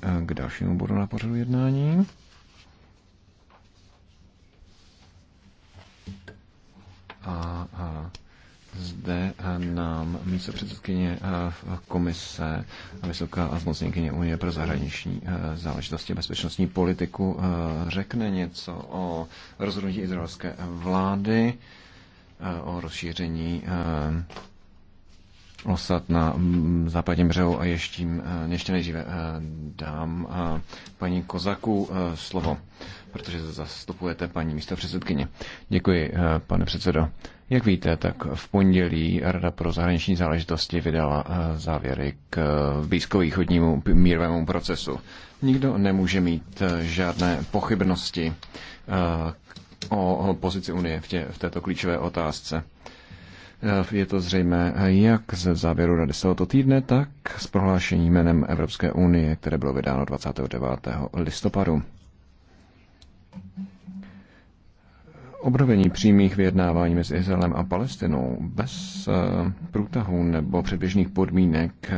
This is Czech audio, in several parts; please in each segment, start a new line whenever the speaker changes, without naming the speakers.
k dalšímu bodu na pořadu jednání. A, a zde nám místo předsedkyně komise a vysoká Unie pro zahraniční záležitosti a bezpečnostní politiku řekne něco o rozhodnutí izraelské vlády o rozšíření osad na mm, západním břehu a ještě, mm, eh, ještě nejdříve eh, dám eh, paní Kozaku slovo, protože zastupujete paní místo předsedkyně. Děkuji, pane předsedo. Jak víte, tak v pondělí Rada pro zahraniční záležitosti vydala závěry k blízkovýchodnímu mírovému procesu. Nikdo nemůže mít žádné pochybnosti o pozici Unie v, tě, v této klíčové otázce. Eh, je to zřejmé eh, jak ze závěru rady z tohoto týdne, tak s prohlášení jménem Evropské unie, které bylo vydáno 29. listopadu. Obnovení přímých vyjednávání mezi Izraelem a Palestinou bez eh, průtahů nebo předběžných podmínek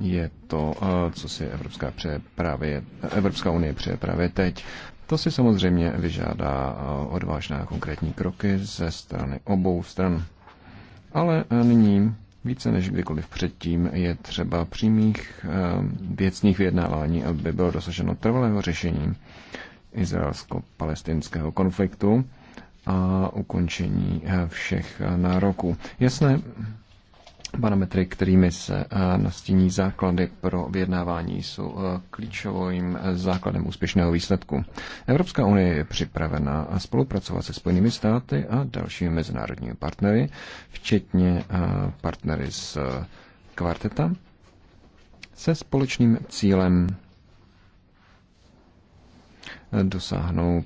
je to, co si Evropská, přeje právě, Evropská unie přeje právě teď. To si samozřejmě vyžádá odvážná konkrétní kroky ze strany obou stran. Ale eh, nyní více než kdykoliv předtím je třeba přímých eh, věcných vyjednávání, aby bylo dosaženo trvalého řešení izraelsko-palestinského konfliktu a ukončení eh, všech nároků. Jasné, Parametry, kterými se eh, nastíní základy pro vyjednávání, jsou eh, klíčovým eh, základem úspěšného výsledku. Evropská unie je připravena spolupracovat se Spojenými státy a dalšími mezinárodními partnery, včetně partnery z kvarteta, se společným cílem dosáhnout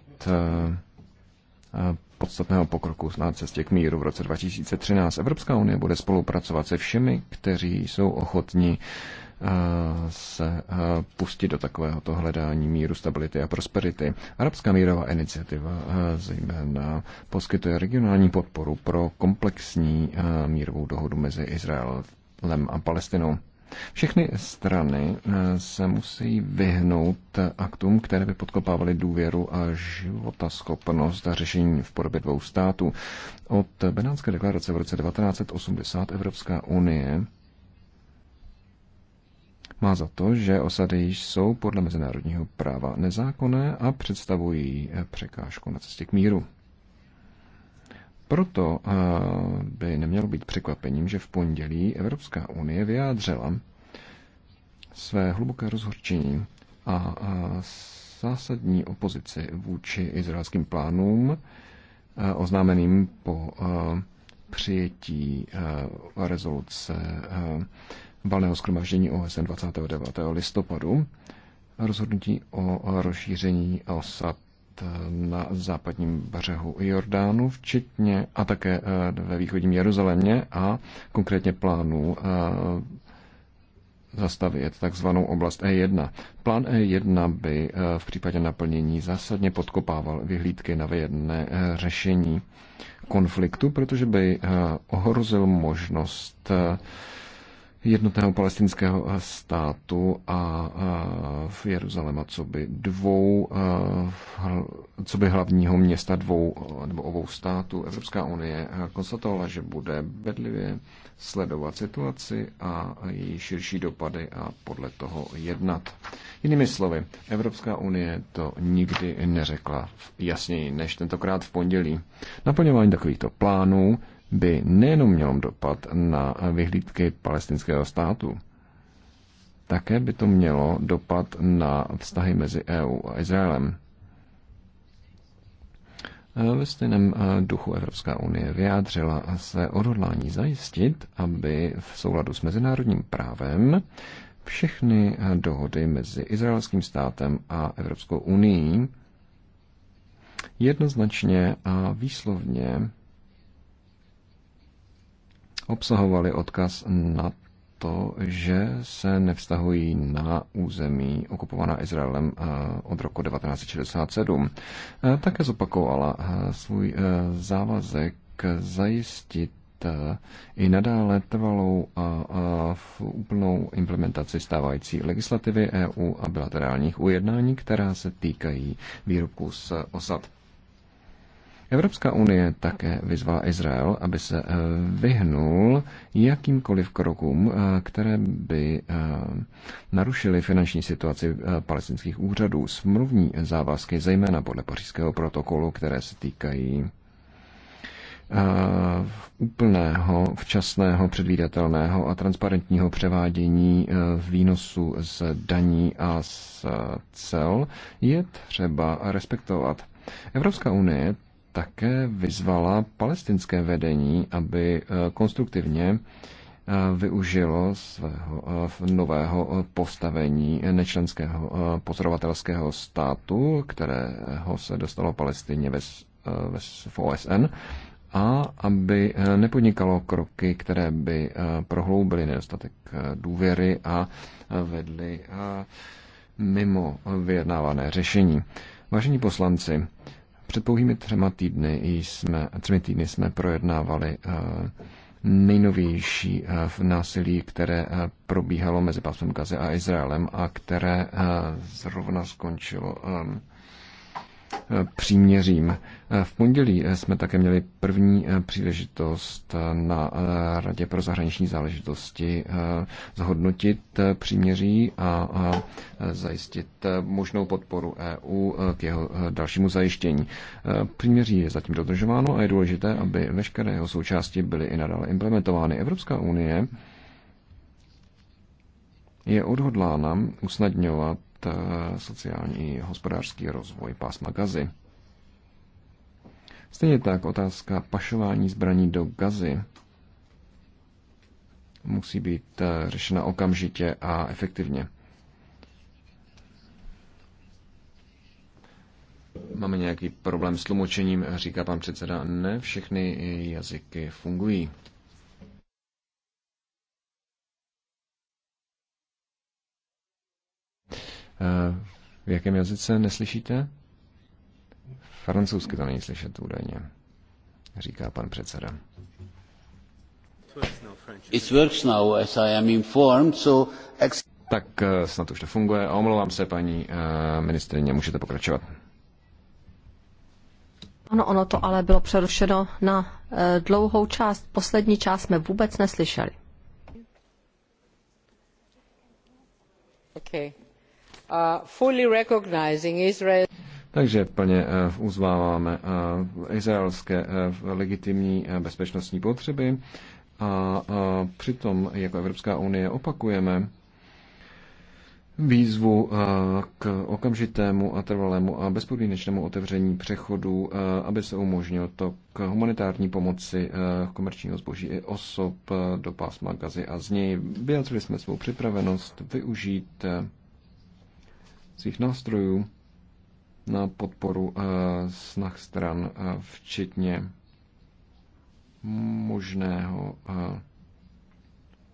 podstatného pokroku na cestě k míru v roce 2013. Evropská unie bude spolupracovat se všemi, kteří jsou ochotní eh, se eh, pustit do takovéhoto hledání míru, stability a prosperity. Arabská mírová iniciativa eh, zejména poskytuje regionální podporu pro komplexní mírovou dohodu mezi Izraelem a Palestinou. Všechny strany eh, se musí vyhnout aktům, které by podkopávaly důvěru a životaschopnost a řešení v podobě dvou států. Od Benánské deklarace v roce 1980 Evropská unie má za to, že osady již jsou podle mezinárodního práva nezákonné a představují překážku na cestě k míru. Proto eh, by nemělo být překvapením, že v pondělí Evropská unie vyjádřila své hluboké rozhorčení a zásadní opozici vůči izraelským plánům eh, oznámeným po eh, přijetí rezoluce valného skromaždění OSN 29. listopadu rozhodnutí o rozšíření OSAP Eh, na západním břehu Jordánu, včetně a také eh, ve východním Jeruzalémě a konkrétně plánů eh, zastavit takzvanou oblast E1. Plán E1 by v případě naplnění zásadně podkopával vyhlídky na vyjedné řešení konfliktu, protože by ohrozil možnost jednotného palestinského eh, státu a eh, v Jeruzalema, co by dvou, eh, co by hlavního města dvou nebo obou států. Evropská unie konstatovala, že bude bedlivě sledovat situaci a její širší dopady a podle toho jednat. Jinými slovy, Evropská unie to nikdy neřekla jasněji než tentokrát v pondělí. Naplňování takovýchto plánů by nejenom mělo dopad na vyhlídky palestinského státu, také by to mělo dopad na vztahy mezi EU a Izraelem. Ve stejném eh, duchu Evropská unie vyjádřila se odhodlání zajistit, aby v souladu s mezinárodním právem všechny eh, dohody mezi izraelským státem a Evropskou unii jednoznačně a výslovně obsahovaly odkaz na to, že se nevztahují na území okupovaná Izraelem eh, od roku 1967. Eh, také zopakovala eh, svůj závazek zajistit i nadále trvalou a, a v úplnou implementaci stávající legislativy EU a bilaterálních ujednání, která se týkají výrobků z osad. Evropská unie také vyzvala Izrael, aby se eh, vyhnul jakýmkoliv krokům, eh, které by eh, narušily finanční situaci palestinských úřadů. Smluvní závazky, zejména podle pařížského protokolu, které se týkají úplného, včasného, předvídatelného a transparentního převádění výnosu z daní a z cel je třeba respektovat. Evropská unie také vyzvala palestinské vedení, aby eh, konstruktivně eh, využilo svého eh, nového postavení nečlenského pozorovatelského státu, kterého se dostalo Palestině ve, OSN, a aby nepodnikalo kroky, které by prohloubily nedostatek důvěry a vedly mimo vyjednávané řešení. Vážení poslanci, před pouhými třema týdny jsme, třemi týdny jsme projednávali eh, nejnovější eh, v násilí, které eh, probíhalo mezi pásmem Gaze a Izraelem a které zrovna skončilo příměřím. V pondělí jsme také měli první příležitost na Radě pro zahraniční záležitosti zhodnotit příměří a zajistit možnou podporu EU k jeho dalšímu zajištění. Příměří je zatím dodržováno a je důležité, aby veškeré jeho součásti byly i nadále implementovány. Evropská unie je odhodlána usnadňovat Eh, sociální i hospodářský rozvoj pásma Gazy. Stejně tak otázka pašování zbraní do Gazy musí být eh, řešena okamžitě a efektivně. Máme nějaký problém s tlumočením, říká pan předseda. Ne všechny jazyky fungují. Eh, v jakém jazyce neslyšíte? Francouzsky to není slyšet údajně, říká pan předseda. It works now, as I am informed, so... Tak eh, snad už to funguje omlouvám se, paní eh, ministrině, můžete pokračovat.
Ano, ono to ale bylo přerušeno na dlouhou část. Poslední část jsme vůbec neslyšeli. Okay. Uh,
Takže plně eh, uznáváme eh, izraelské eh, legitimní bezpečnostní potřeby a přitom jako Evropská unie opakujeme výzvu k okamžitému a trvalému a bezpodmínečnému otevření přechodu, aby se umožnil k humanitární pomoci komerčního zboží i osob do pásma Gazy a z něj. Vyjadřili jsme svou připravenost využít svých nástrojů na podporu eh, snah stran, eh, včetně možného eh,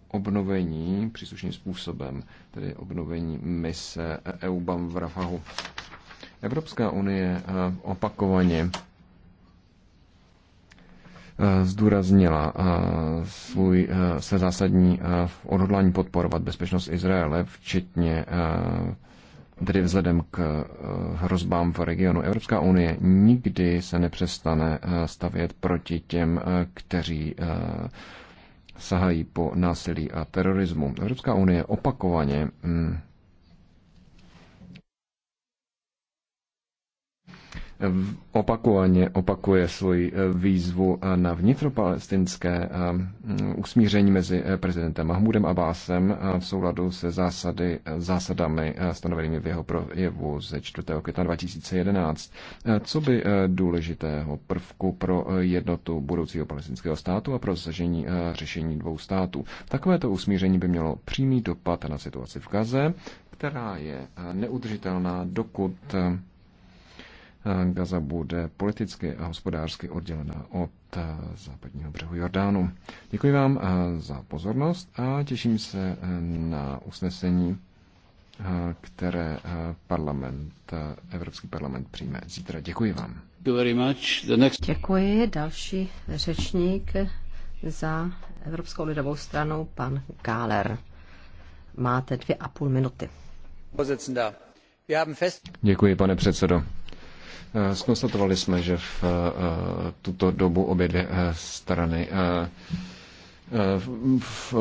obnovení příslušným způsobem, tedy obnovení mise EUBAM v Rafahu. Evropská unie opakovaně zdůraznila svůj, se zásadní odhodlání podporovat bezpečnost Izraele, včetně tedy vzhledem k eh, hrozbám v regionu. Evropská unie nikdy se nepřestane eh, stavět proti těm, eh, kteří sahají po násilí a terorismu. Evropská unie opakovaně mm, opakovaně opakuje svoji eh, výzvu eh, na vnitropalestinské eh, usmíření mezi prezidentem Mahmudem Abbásem v souladu se zásady, zásadami stanovenými v jeho projevu ze 4. května 2011. Co by důležitého prvku pro jednotu budoucího palestinského státu a pro zažení řešení dvou států? Takovéto usmíření by mělo přímý dopad na situaci v Gaze, která je neudržitelná, dokud Gaza bude politicky a hospodářsky oddělena od eh, západního břehu Jordánu. Děkuji vám eh, za pozornost a těším se eh, na usnesení, které parlament, Evropský parlament přijme zítra. Děkuji vám.
Děkuji. Další řečník za Evropskou lidovou stranu, pan Gáler. Máte dvě a půl minuty.
Děkuji, pane předsedo. Eh, skonstatovali jsme, že v eh, tuto dobu obě dvě eh, strany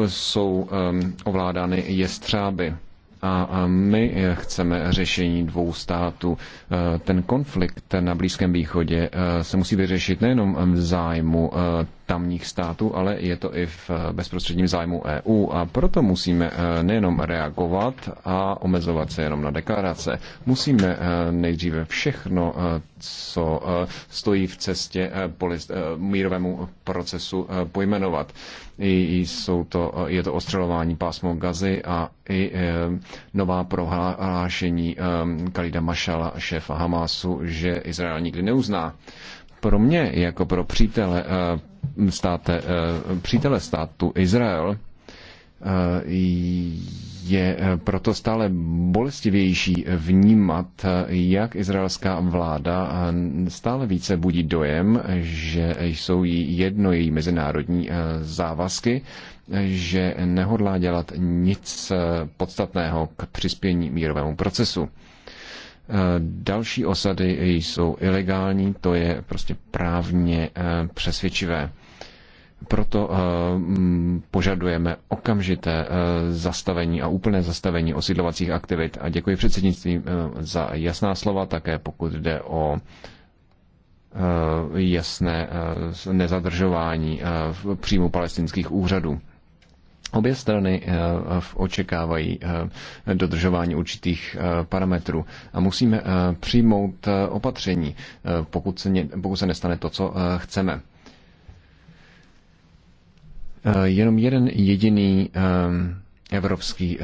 jsou ehm, ovládány jestřáby. A my chceme řešení dvou států. Ten konflikt na Blízkém východě se musí vyřešit nejenom v zájmu tamních států, ale je to i v eh, bezprostředním zájmu EU. A proto musíme eh, nejenom reagovat a omezovat se jenom na deklarace. Musíme eh, nejdříve všechno, co stojí v cestě mírovému procesu, pojmenovat. jsou to, je to ostřelování pásmo Gazy a i nová prohlášení Kalida Mašala, šéfa Hamásu, že Izrael nikdy neuzná. Pro mě, jako pro přítele, eh, státe, eh, přítele státu Izrael, eh, je proto stále bolestivější vnímat, jak izraelská vláda stále více budí dojem, že jsou jí jedno její mezinárodní závazky, že nehodlá dělat nic podstatného k přispění mírovému procesu. Eh, další osady jsou ilegální, to je prostě právně eh, přesvědčivé. Proto eh, požadujeme okamžité zastavení a úplné zastavení osídlovacích aktivit. A děkuji předsednictví za jasná slova, také pokud jde o jasné nezadržování v příjmu palestinských úřadů. Obě strany eh, očekávají eh, dodržování určitých eh, parametrů a musíme přijmout opatření, pokud se, pokud se nestane to, co chceme. Jenom jeden jediný evropský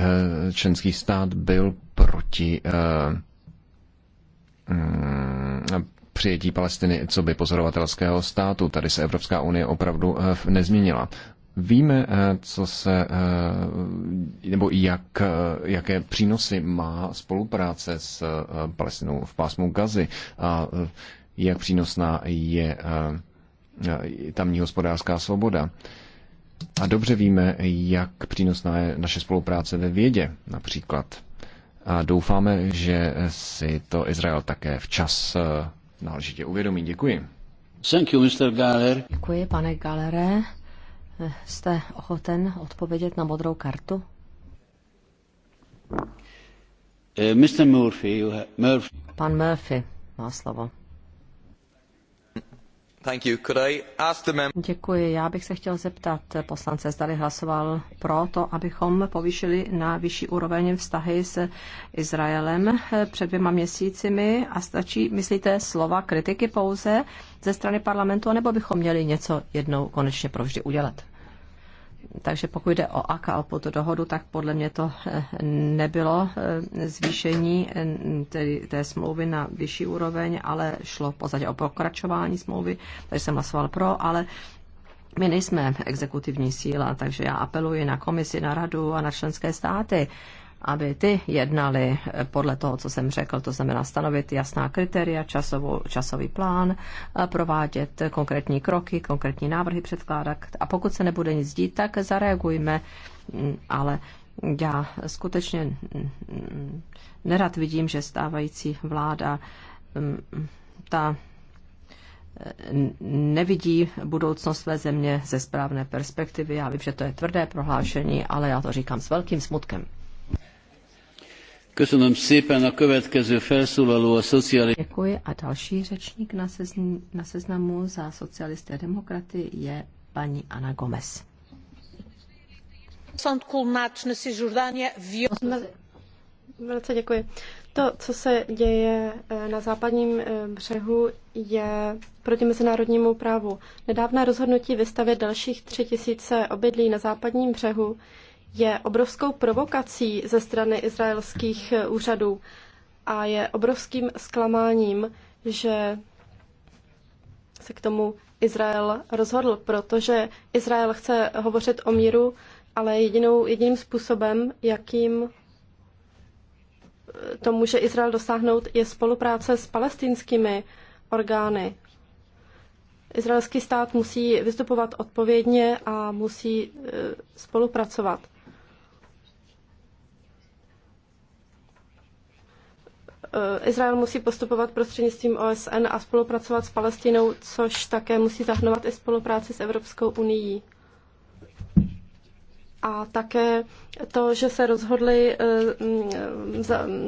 členský stát byl proti mm, přijetí Palestiny co by pozorovatelského státu. Tady se Evropská unie opravdu nezměnila. Víme, eh, co se, eh, nebo jak, eh, jaké přínosy má spolupráce s Palestinou v pásmu Gazy a jak přínosná je tamní hospodářská svoboda. A dobře víme, jak přínosná je naše spolupráce ve vědě například. A doufáme, že si to Izrael také včas náležitě uvědomí. Děkuji. Thank you, Mr. Galler.
Děkuji, pane Galere. Jste ochoten odpovědět na modrou kartu?
Eh, Mr. Murphy, Murphy.
Pan Murphy má slovo. Děkuji. Já bych se chtěl zeptat poslance, zdali hlasoval pro to, abychom povýšili na vyšší úroveň vztahy s Izraelem před dvěma měsícimi a stačí, myslíte, slova kritiky pouze ze strany parlamentu, nebo bychom měli něco jednou konečně provždy udělat? Takže pokud jde o AKA, o tuto dohodu, tak podle mě to eh, nebylo eh, zvýšení eh, té smlouvy na vyšší úroveň, ale šlo v podstatě o pokračování smlouvy, takže jsem hlasoval pro, ale my nejsme exekutivní síla, takže já apeluji na komisi, na radu a na členské státy, aby ty jednali eh, podle toho, co jsem řekl, to znamená stanovit jasná kritéria, časovou, časový plán, eh, provádět konkrétní kroky, konkrétní návrhy předkládat. A pokud se nebude nic dít, tak zareagujme, mm, ale já skutečně mm, mm, nerad vidím, že stávající vláda ta eh, nevidí budoucnost své země ze správné perspektivy. Já vím, že to je tvrdé prohlášení, ale já to říkám s velkým smutkem. Děkuji a další řečník na, sezn- na seznamu za socialisté demokraty je paní Ana Gomez.
Velice děkuji. To, co se děje eh, na západním eh, břehu, je proti mezinárodnímu právu. Nedávné rozhodnutí vystavět dalších tři tisíce obydlí na západním břehu je obrovskou provokací ze strany izraelských eh, úřadů a je obrovským zklamáním, že se k tomu Izrael rozhodl, protože Izrael chce hovořit o míru, ale jedinou, jediným způsobem, jakým eh, to může Izrael dosáhnout, je spolupráce s palestinskými orgány. Izraelský stát musí vystupovat odpovědně a musí eh, spolupracovat. Eh, Izrael musí postupovat prostřednictvím OSN a spolupracovat s Palestinou, což také musí zahrnovat i spolupráci s Evropskou unii. A také to, že se rozhodli eh, mm,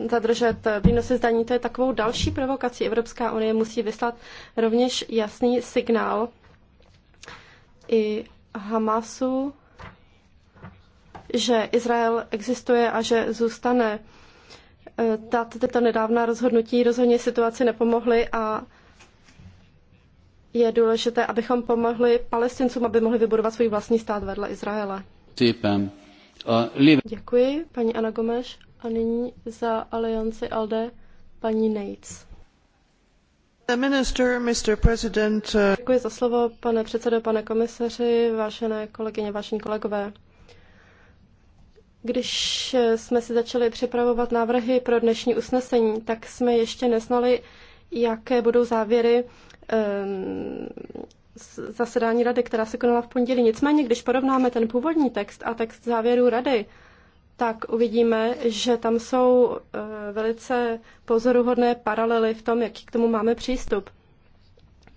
zadržet výnosy zdaní, to je takovou další provokací. Evropská unie musí vyslat rovněž jasný signál i Hamasu, že Izrael existuje a že zůstane tato, tato nedávná rozhodnutí rozhodně situaci nepomohly a je důležité, abychom pomohli palestincům, aby mohli vybudovat svůj vlastní stát vedle Izraele. Děkuji, paní Ana Gomeš. A nyní za alianci ALDE paní Nates. Minister, Mr. President, uh, Děkuji za slovo, pane předsedo, pane komisaři, vážené kolegyně, vážení kolegové. Když eh, jsme si začali připravovat návrhy pro dnešní usnesení, tak jsme ještě neznali, jaké budou závěry ehm, zasedání rady, která se konala v pondělí. Nicméně, když porovnáme ten původní text a text závěrů rady, tak uvidíme, že tam jsou eh, velice pozoruhodné paralely v tom, jaký k tomu máme přístup.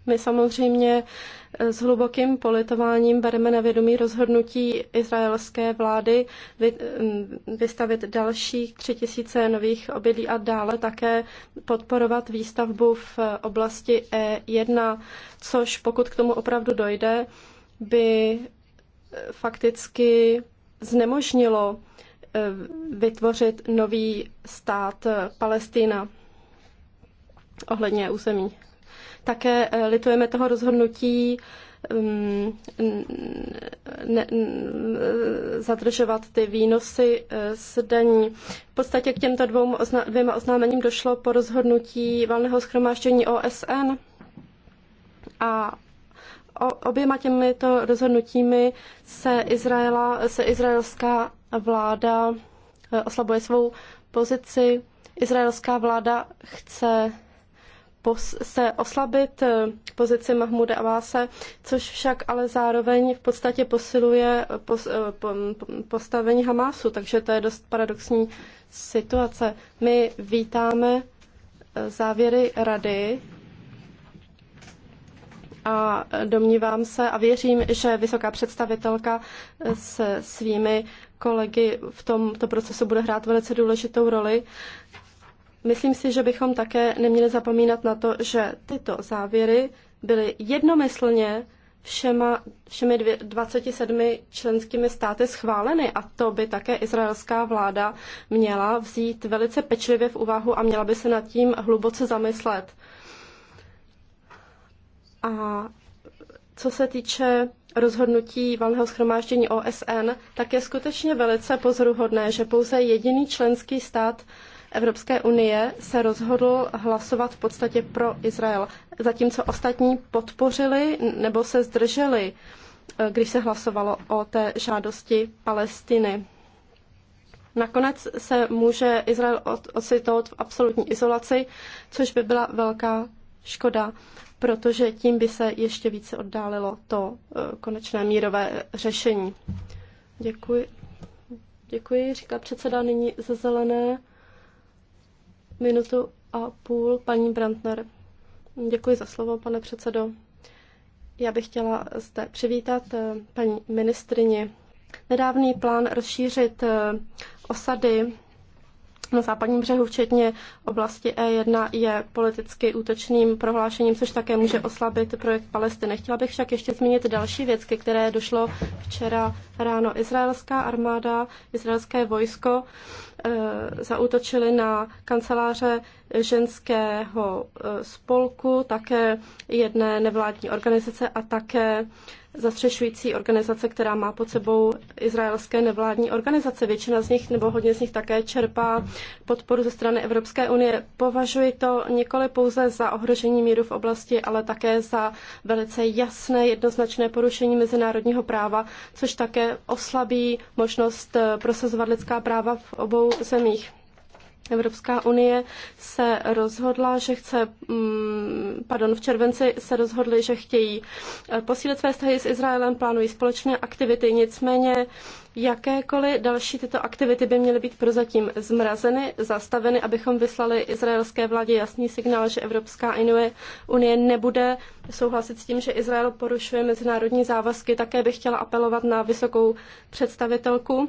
My samozřejmě eh, s hlubokým politováním bereme na vědomí rozhodnutí izraelské vlády mm, vystavit dalších tři tisíce nových obydlí a dále také podporovat výstavbu v oblasti E1, což pokud k tomu opravdu dojde, by eh, fakticky znemožnilo eh, vytvořit nový stát Palestina ohledně území také eh, litujeme toho rozhodnutí mm, ne, zadržovat ty výnosy eh, z daní. V podstatě k těmto dvou, dvěma oznámením došlo po rozhodnutí valného schromáždění OSN a oběma těmito rozhodnutími se, Izraela, se izraelská vláda eh, oslabuje svou pozici. Izraelská vláda chce se oslabit eh, pozici Mahmuda Abáse, což však ale zároveň v podstatě posiluje eh, pos, eh, po, postavení Hamásu, takže to je dost paradoxní situace. My vítáme závěry rady a domnívám se a věřím, že vysoká představitelka se svými kolegy v tomto procesu bude hrát velice důležitou roli Myslím si, že bychom také neměli zapomínat na to, že tyto závěry byly jednomyslně všema, všemi dvě, 27 členskými státy schváleny a to by také izraelská vláda měla vzít velice pečlivě v úvahu a měla by se nad tím hluboce zamyslet. A co se týče rozhodnutí valného schromáždění OSN, tak je skutečně velice pozoruhodné, že pouze jediný členský stát Evropské unie se rozhodl hlasovat v podstatě pro Izrael, zatímco ostatní podpořili nebo se zdrželi, eh, když se hlasovalo o té žádosti Palestiny. Nakonec se může Izrael ocitnout v absolutní izolaci, což by byla velká škoda, protože tím by se ještě více oddálilo to eh, konečné mírové řešení. Děkuji. Děkuji, říká předseda nyní ze zelené minutu a půl paní Brandner. Děkuji za slovo, pane předsedo. Já bych chtěla zde přivítat eh, paní ministrině. Nedávný plán rozšířit eh, osady na západním břehu, včetně oblasti E1, je politicky útočným prohlášením, což také může oslabit projekt Palestiny. Chtěla bych však ještě zmínit další věc, ke které došlo včera ráno. Izraelská armáda, izraelské vojsko e, eh, zautočili na kanceláře ženského e, spolku, také jedné nevládní organizace a také zastřešující organizace, která má pod sebou izraelské nevládní organizace. Většina z nich nebo hodně z nich také čerpá podporu ze strany Evropské unie. Považuji to nikoli pouze za ohrožení míru v oblasti, ale také za velice jasné, jednoznačné porušení mezinárodního práva, což také oslabí možnost e, prosazovat lidská práva v obou zemích. Evropská unie se rozhodla, že chce, mm, pardon, v červenci se rozhodli, že chtějí eh, posílit své vztahy s Izraelem, plánují společné aktivity, nicméně jakékoliv další tyto aktivity by měly být prozatím zmrazeny, zastaveny, abychom vyslali izraelské vládě jasný signál, že Evropská unie nebude souhlasit s tím, že Izrael porušuje mezinárodní závazky. Také bych chtěla apelovat na vysokou představitelku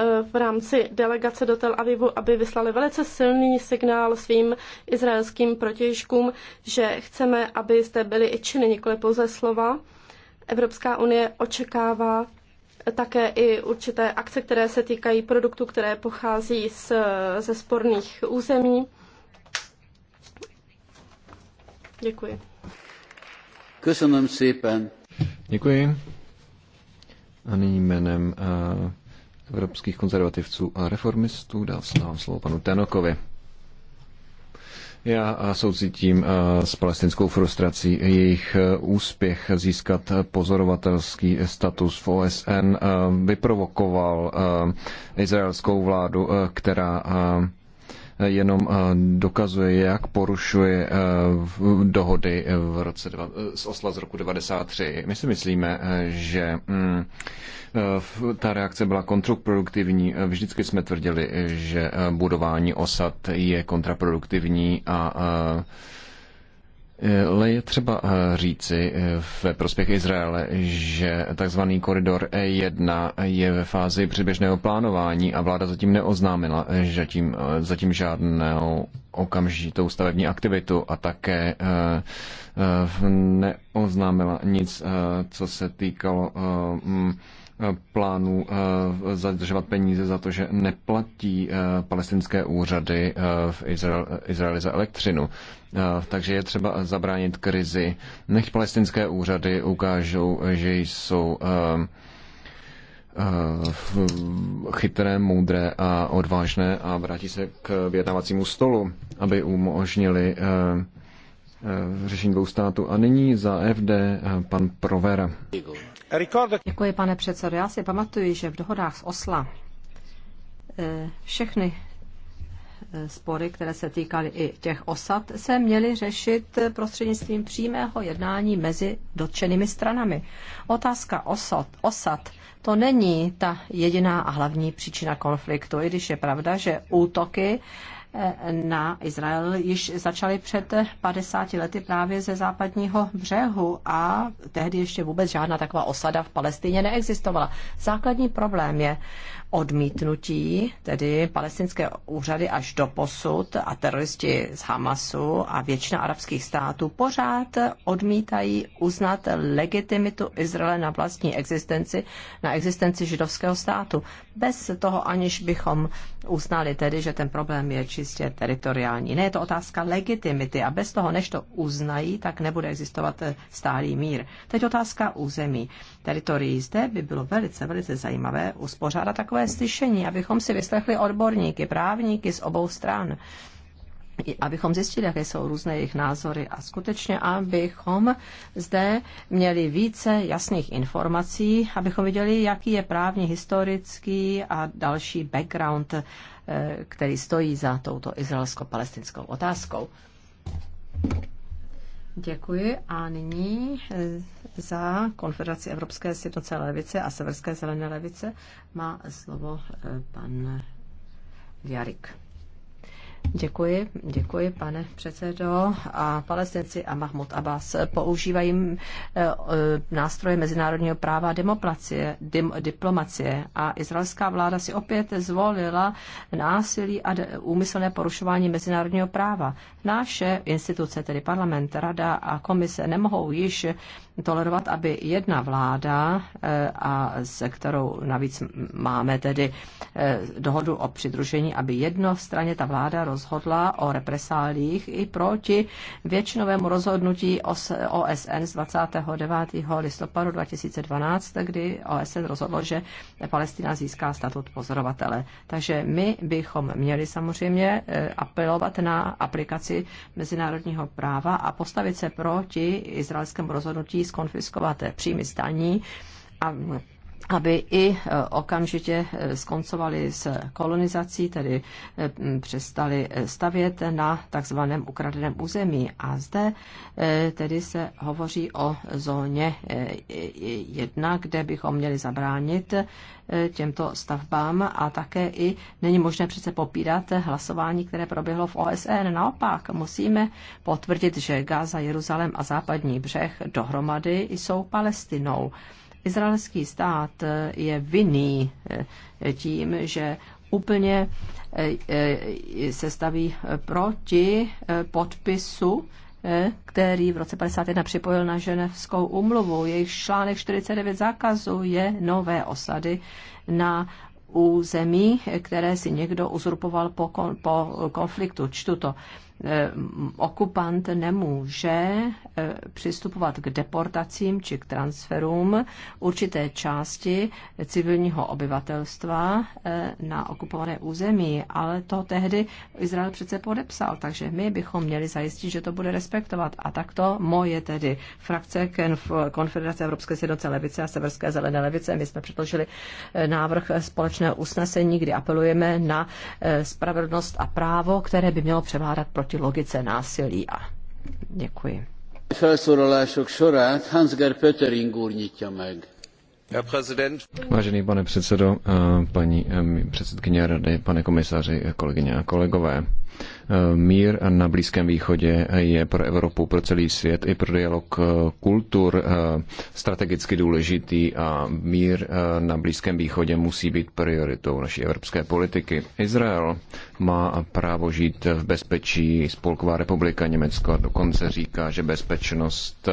Eh, v rámci delegace do Tel Avivu, aby vyslali velice silný signál svým izraelským protěžkům, že chceme, aby zde byly i činy, nikoli pouze slova. Evropská unie očekává také i určité akce, které se týkají produktů, které pochází z, ze sporných území. Děkuji.
Děkuji. A nyní jménem uh, evropských konzervativců a reformistů. Dávám slovo panu Tenokovi. Já soucítím s palestinskou frustrací. Jejich e, úspěch získat pozorovatelský status v OSN e, vyprovokoval e, izraelskou vládu, která jenom eh, dokazuje, jak porušuje eh, dohody v roce eh, z Osla z roku 93. My si myslíme, že mm, ta reakce byla kontraproduktivní. Vždycky jsme tvrdili, že budování osad je kontraproduktivní a ale je třeba eh, říci eh, ve prospěch Izraele, že tzv. koridor E1 je ve fázi předběžného plánování a vláda zatím neoznámila, eh, že tím, zatím žádnou okamžitou stavební aktivitu a také neoznámila nic, co se týkalo mm, plánů zadržovat peníze za to, že neplatí palestinské úřady v Izraeli za elektřinu. Eh, takže je třeba zabránit krizi. Nech palestinské úřady ukážou, že jsou ehm, eh, chytré, moudré a odvážné a vrátí se k vyjednávacímu stolu, aby umožnili eh, řešení dvou států. A nyní za FD pan Provera.
Děkuji, pane předsedo. Já si pamatuju, že v dohodách z Osla všechny spory, které se týkaly i těch osad, se měly řešit prostřednictvím přímého jednání mezi dotčenými stranami. Otázka osad, osad to není ta jediná a hlavní příčina konfliktu, i když je pravda, že útoky eh, na Izrael již začaly před 50 lety právě ze západního břehu a tehdy ještě vůbec žádná taková osada v Palestině neexistovala. Základní problém je odmítnutí, tedy palestinské úřady až do posud a teroristi z Hamasu a většina arabských států pořád odmítají uznat legitimitu Izraele na vlastní existenci, na existenci židovského státu. Bez toho, aniž bychom uznali tedy, že ten problém je čistě teritoriální. Ne, je to otázka legitimity a bez toho, než to uznají, tak nebude existovat stálý mír. Teď otázka území. Teritorií zde by bylo velice, velice zajímavé uspořádat takové takové slyšení, abychom si vyslechli odborníky, právníky z obou stran abychom zjistili, jaké jsou různé jejich názory a skutečně, abychom zde měli více jasných informací, abychom viděli, jaký je právní, historický a další background, eh, který stojí za touto izraelsko-palestinskou otázkou. Děkuji a nyní eh, za Konfederaci Evropské sjednocené levice a Severské zelené levice má slovo eh, pan Jarik. Děkuji, děkuji, pane předsedo. A palestinci a Mahmud Abbas používají eh, eh, nástroje mezinárodního práva demokracie, dim, diplomacie a izraelská vláda si opět zvolila násilí a úmyslné porušování mezinárodního práva. Naše instituce, tedy parlament, rada a komise, nemohou již tolerovat, aby jedna vláda, eh, a se kterou navíc máme tedy eh, dohodu o přidružení, aby jednostranně ta vláda rozhodla o represálích i proti většinovému rozhodnutí OSN z 29. listopadu 2012, kdy OSN rozhodlo, že Palestina získá statut pozorovatele. Takže my bychom měli samozřejmě eh, apelovat na aplikaci mezinárodního práva a postavit se proti izraelskému rozhodnutí skonfiskovat příjmy z daní a aby i eh, okamžitě eh, skoncovali s kolonizací, tedy eh, přestali stavět na takzvaném ukradeném území. A zde tedy se hovoří o zóně jedna, kde bychom měli zabránit těmto stavbám a také i není možné přece popírat hlasování, které proběhlo v OSN. Naopak musíme potvrdit, že Gaza, Jeruzalém a západní břeh dohromady jsou Palestinou. Izraelský stát eh, je vinný eh, tím, že úplně eh, se staví proti podpisu, který v roce 51 připojil na ženevskou umluvu. Jejich článek 49 zakazuje nové osady na území, které si někdo uzurpoval po, po konfliktu. Čtu to. Eh, okupant nemůže eh, přistupovat k deportacím či k transferům určité části civilního obyvatelstva eh, na okupované území, ale to tehdy Izrael přece podepsal, takže my bychom měli zajistit, že to bude respektovat. A takto moje tedy frakce Konfederace Evropské sjednoce levice a Severské zelené levice, my jsme předložili návrh společného usnesení, kdy apelujeme na spravedlnost a právo, které by mělo převládat proti proti logice násilí. A děkuji.
Felszólalások sorát Hansger Pöttering úr nyitja meg. Vážený pane předsedo, paní předsedkyně rady, pane komisaři, kolegyně a kolegové. Mír na Blízkém východě je pro Evropu, pro celý svět i pro dialog kultur strategicky důležitý a mír na Blízkém východě musí být prioritou naší evropské politiky. Izrael má právo žít v bezpečí, Spolková republika Německo dokonce říká, že bezpečnost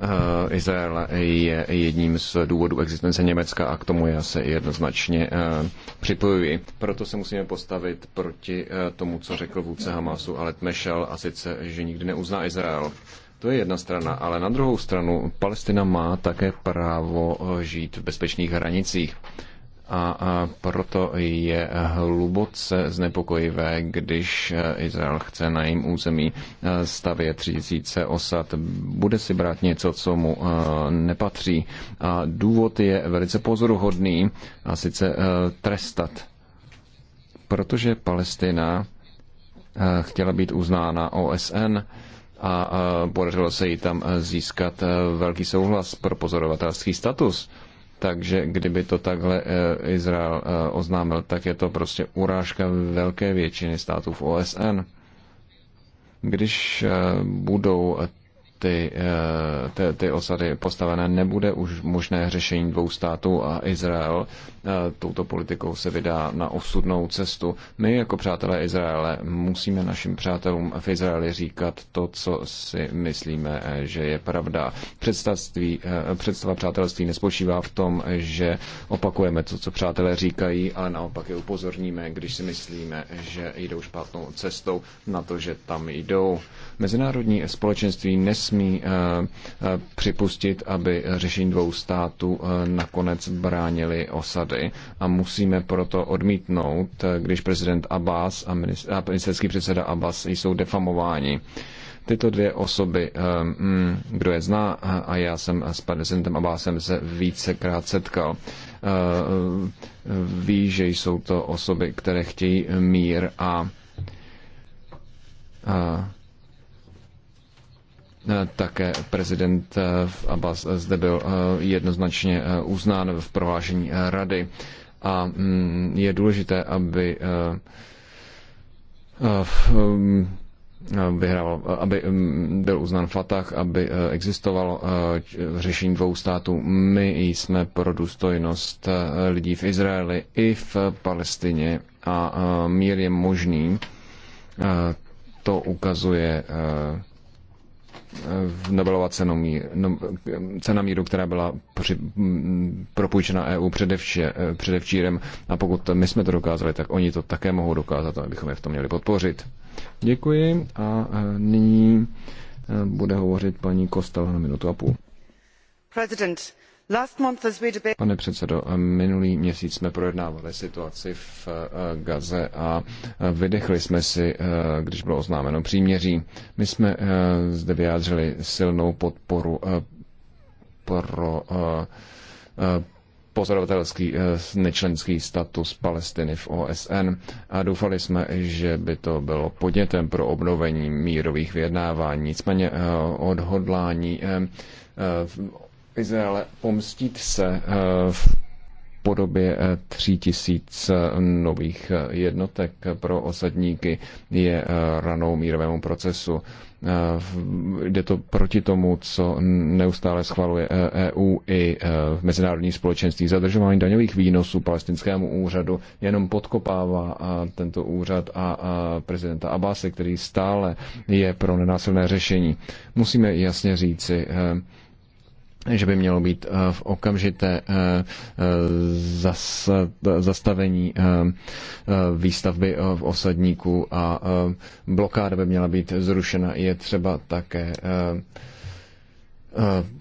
Eh, Izrael je jedním z důvodů existence Německa a k tomu já se jednoznačně eh, připojuji. Proto se musíme postavit proti eh, tomu, co řekl vůdce Hamasu Alet Mešel, a sice, že nikdy neuzná Izrael. To je jedna strana, ale na druhou stranu Palestina má také právo žít v bezpečných hranicích a proto je hluboce znepokojivé, když Izrael chce na jejím území e, stavět 3000 osad. Bude si brát něco, co mu e, nepatří. A důvod je velice pozoruhodný, a sice e, trestat. Protože Palestina chtěla být uznána OSN, a podařilo se jí tam získat velký souhlas pro pozorovatelský status takže kdyby to takhle eh, Izrael eh, oznámil, tak je to prostě urážka velké většiny států v OSN. Když eh, budou ty, eh, ty, ty osady postavené, nebude už možné řešení dvou států a Izrael eh, touto politikou se vydá na osudnou cestu. My jako přátelé Izraele musíme našim přátelům v Izraeli říkat to, co si myslíme, eh, že je pravda. představa přátelství nespočívá v tom, že opakujeme to, co přátelé říkají, ale naopak je upozorníme, když si myslíme, že jdou špatnou cestou na to, že tam jdou. Mezinárodní společenství nes nesmí eh, eh, připustit, aby řešení dvou států eh, nakonec bránili osady a musíme proto odmítnout, když prezident Abbas a ministerský předseda Abbas jsou defamováni tyto dvě osoby, mm, kdo je zná, a já jsem s prezidentem Abbasem se vícekrát setkal, ví, že jsou to osoby, které chtějí mír a také prezident eh, Abbas eh, zde byl eh, jednoznačně uznán v prohlášení rady. A mm, je důležité, aby mm, vyhrával, aby mm, byl uznán Fatah, aby existovalo řešení dvou států. My jsme pro důstojnost lidí v Izraeli i v Palestině a mír je možný. To ukazuje Nobelova cenu mír, no, cena míru, která byla při, m, propůjčena EU předevče, e, předevčírem. A pokud my jsme to dokázali, tak oni to také mohou dokázat a bychom je v tom měli podpořit. Děkuji a e, nyní e, bude hovořit paní Kostel na minutu a půl. President. Pane předsedo, minulý měsíc jsme projednávali situaci v eh, Gaze a eh, vydechli jsme si, eh, když bylo oznámeno příměří. My jsme zde vyjádřili silnou podporu pro pozorovatelský nečlenský status Palestiny v OSN a doufali jsme, že by to bylo podnětem pro obnovení mírových vyjednávání. Nicméně odhodlání Izraele pomstit se eh, v podobě eh, tří tisíc eh, nových jednotek pro osadníky je ranou mírovému procesu. Jde to proti tomu, co neustále schvaluje EU e i v mezinárodní společenství. Zadržování daňových výnosů palestinskému úřadu jenom podkopává tento úřad a prezidenta Abase, který stále je pro nenásilné řešení. Musíme jasně říci, že by mělo být eh, v okamžité eh, eh, zastavení výstavby v osadníku a blokáda by měla být zrušena. Je třeba také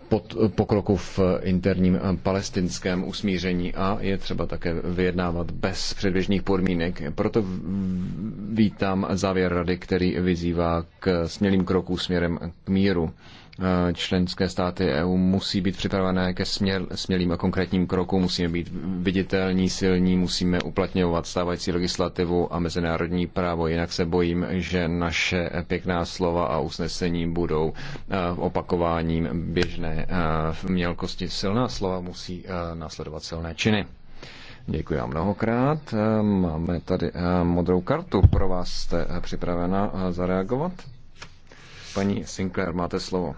pod pokroku v interním palestinském usmíření a je třeba také vyjednávat bez předběžných podmínek. Proto vítám závěr rady, který vyzývá k smělým krokům směrem k míru. Eh, členské státy EU musí být připravené ke směr, smělým a konkrétním krokům, musíme být viditelní, silní, musíme uplatňovat stávající legislativu a mezinárodní právo, jinak se bojím, že naše pěkná slova a usnesení budou eh, opakováním běžné eh, mělkosti. Silná slova musí následovat silné činy. Děkuji vám mnohokrát. Máme tady modrou kartu pro vás. Jste připravena zareagovat? Paní Sinclair, máte slovo.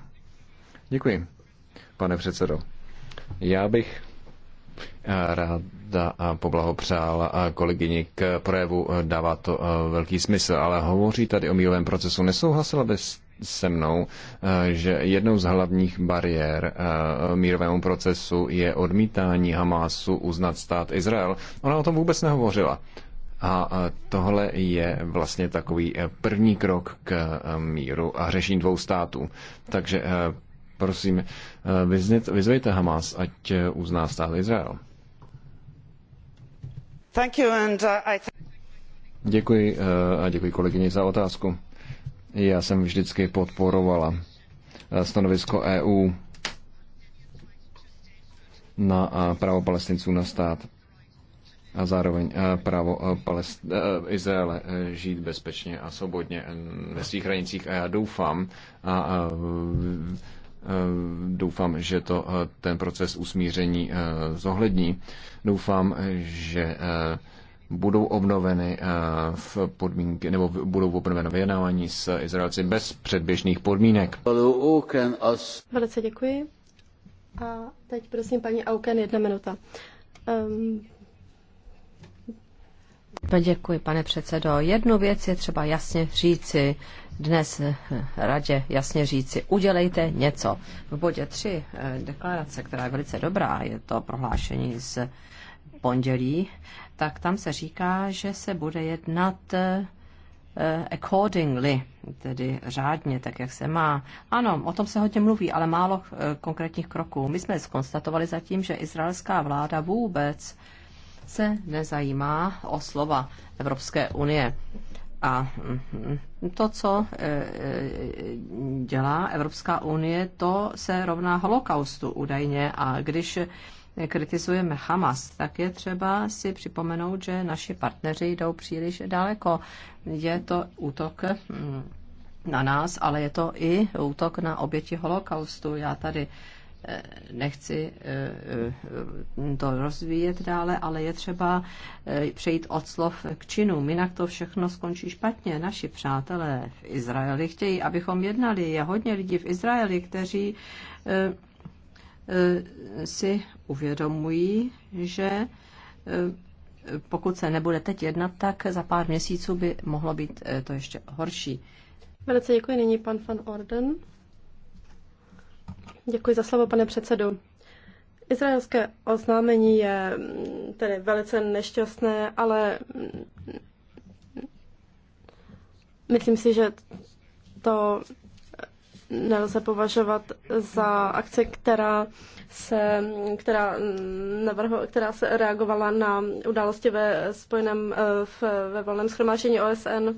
Děkuji, pane předsedo. Já bych eh, ráda a poblahopřála a eh, kolegyni k projevu. Eh, dává to velký smysl, ale hovoří tady o mílovém procesu. Nesouhlasila bys se mnou, že jednou z hlavních bariér mírovému procesu je odmítání Hamásu uznat stát Izrael. Ona o tom vůbec nehovořila. A tohle je vlastně takový první krok k míru a řešení dvou států. Takže prosím, eh, vyznit, vyzvejte Hamas, ať eh, uzná stát Izrael. Uh, děkuji eh, a děkuji kolegyni za otázku. Já jsem vždycky podporovala stanovisko EU na právo palestinců na stát a zároveň právo Palest... Izraele žít bezpečně a svobodně ve svých hranicích. A já doufám a Eh, doufám, že to eh, ten proces usmíření eh, zohlední. Doufám, že budou obnoveny v podmínky, nebo budou obnoveny vyjednávání s Izraelci bez předběžných podmínek. Velice
děkuji. A teď prosím paní Auken, jedna minuta. Um,
Děkuji, pane předsedo. Jednu věc je třeba jasně říci dnes eh, radě jasně říci, udělejte něco. V bodě 3 eh, deklarace, která je velice dobrá, je to prohlášení z pondělí, tak tam se říká, že se bude jednat eh, accordingly, tedy řádně, tak jak se má. Ano, o tom se hodně mluví, ale málo konkrétních kroků. My jsme skonstatovali zatím, že izraelská vláda vůbec se nezajímá o slova Evropské unie. A mm, to, co e, e, dělá Evropská unie, to se rovná holokaustu údajně. A když kritizujeme Hamas, tak je třeba si připomenout, že naši partneři jdou příliš daleko. Je to útok mm, na nás, ale je to i útok na oběti holokaustu. Já tady Eh, nechci eh, eh, to rozvíjet dále, ale je třeba přejít od slov k činům, jinak to všechno skončí špatně. Naši přátelé v Izraeli chtějí, abychom jednali. Je hodně lidí v Izraeli, kteří si uvědomují, že pokud se nebude teď jednat, tak za pár měsíců by mohlo být to ještě horší.
Velice děkuji. Nyní pan van Orden. Děkuji za slovo, pane předsedo. Izraelské oznámení je mm, tedy velice nešťastné, ale mm, myslím si, že to nelze považovat za akci, která se, mm, která, navrho, která se reagovala na události ve spojeném eh, v, ve volném schromáždění OSN. Eh,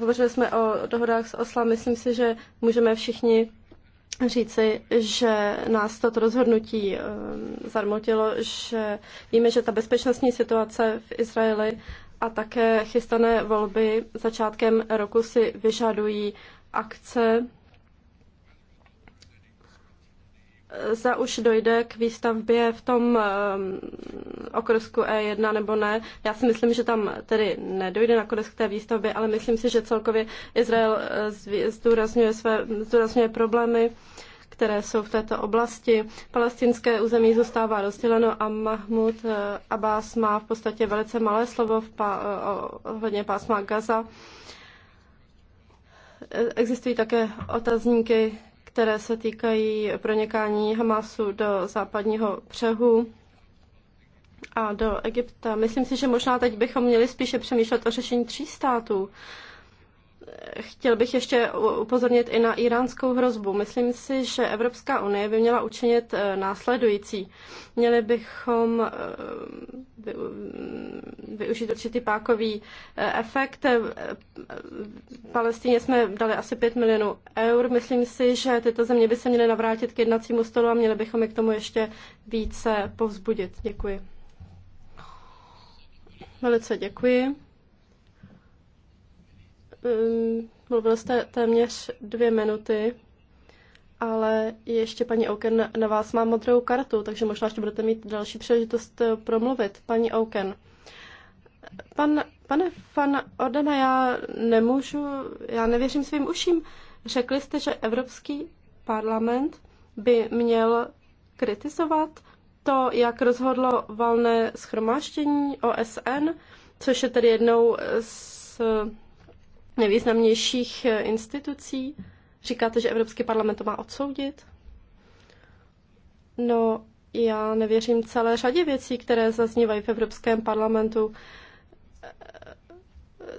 hovořili jsme o dohodách s Osla. Myslím si, že můžeme všichni říci, že nás toto rozhodnutí eh, zarmotilo, že víme, že ta bezpečnostní situace v Izraeli a také chystané volby začátkem roku si vyžadují akce zda už dojde k výstavbě v tom um, okresku E1 nebo ne. Já si myslím, že tam tedy nedojde nakonec k té výstavbě, ale myslím si, že celkově Izrael eh, zdůrazňuje, své, zdůrazňuje problémy které jsou v této oblasti. Palestinské území zůstává rozděleno a Mahmud eh, Abbas má v podstatě velice malé slovo v pá, eh, ohledně pásma Gaza. Existují také otazníky které se týkají pronikání Hamasu do západního břehu a do Egypta. Myslím si, že možná teď bychom měli spíše přemýšlet o řešení tří států, chtěl bych ještě upozornit i na iránskou hrozbu. Myslím si, že Evropská unie by měla učinit eh, následující. Měli bychom eh, využít určitý pákový eh, efekt. Palestíně jsme dali asi 5 milionů eur. Myslím si, že tyto země by se měly navrátit k jednacímu stolu a měli bychom je k tomu ještě více povzbudit. Děkuji. Velice děkuji. Mm, mluvil jste téměř dvě minuty, ale ještě paní Oken na vás má modrou kartu, takže možná ještě budete mít další příležitost eh, promluvit. Paní Oken, pan, pane fan Odena, já nemůžu, já nevěřím svým uším. Řekli jste, že Evropský parlament by měl kritizovat to, jak rozhodlo valné schromáždění OSN, což je tedy jednou z nejvýznamnějších eh, institucí. Říkáte, že Evropský parlament to má odsoudit? No, já nevěřím celé řadě věcí, které zaznívají v Evropském parlamentu. Eh, eh,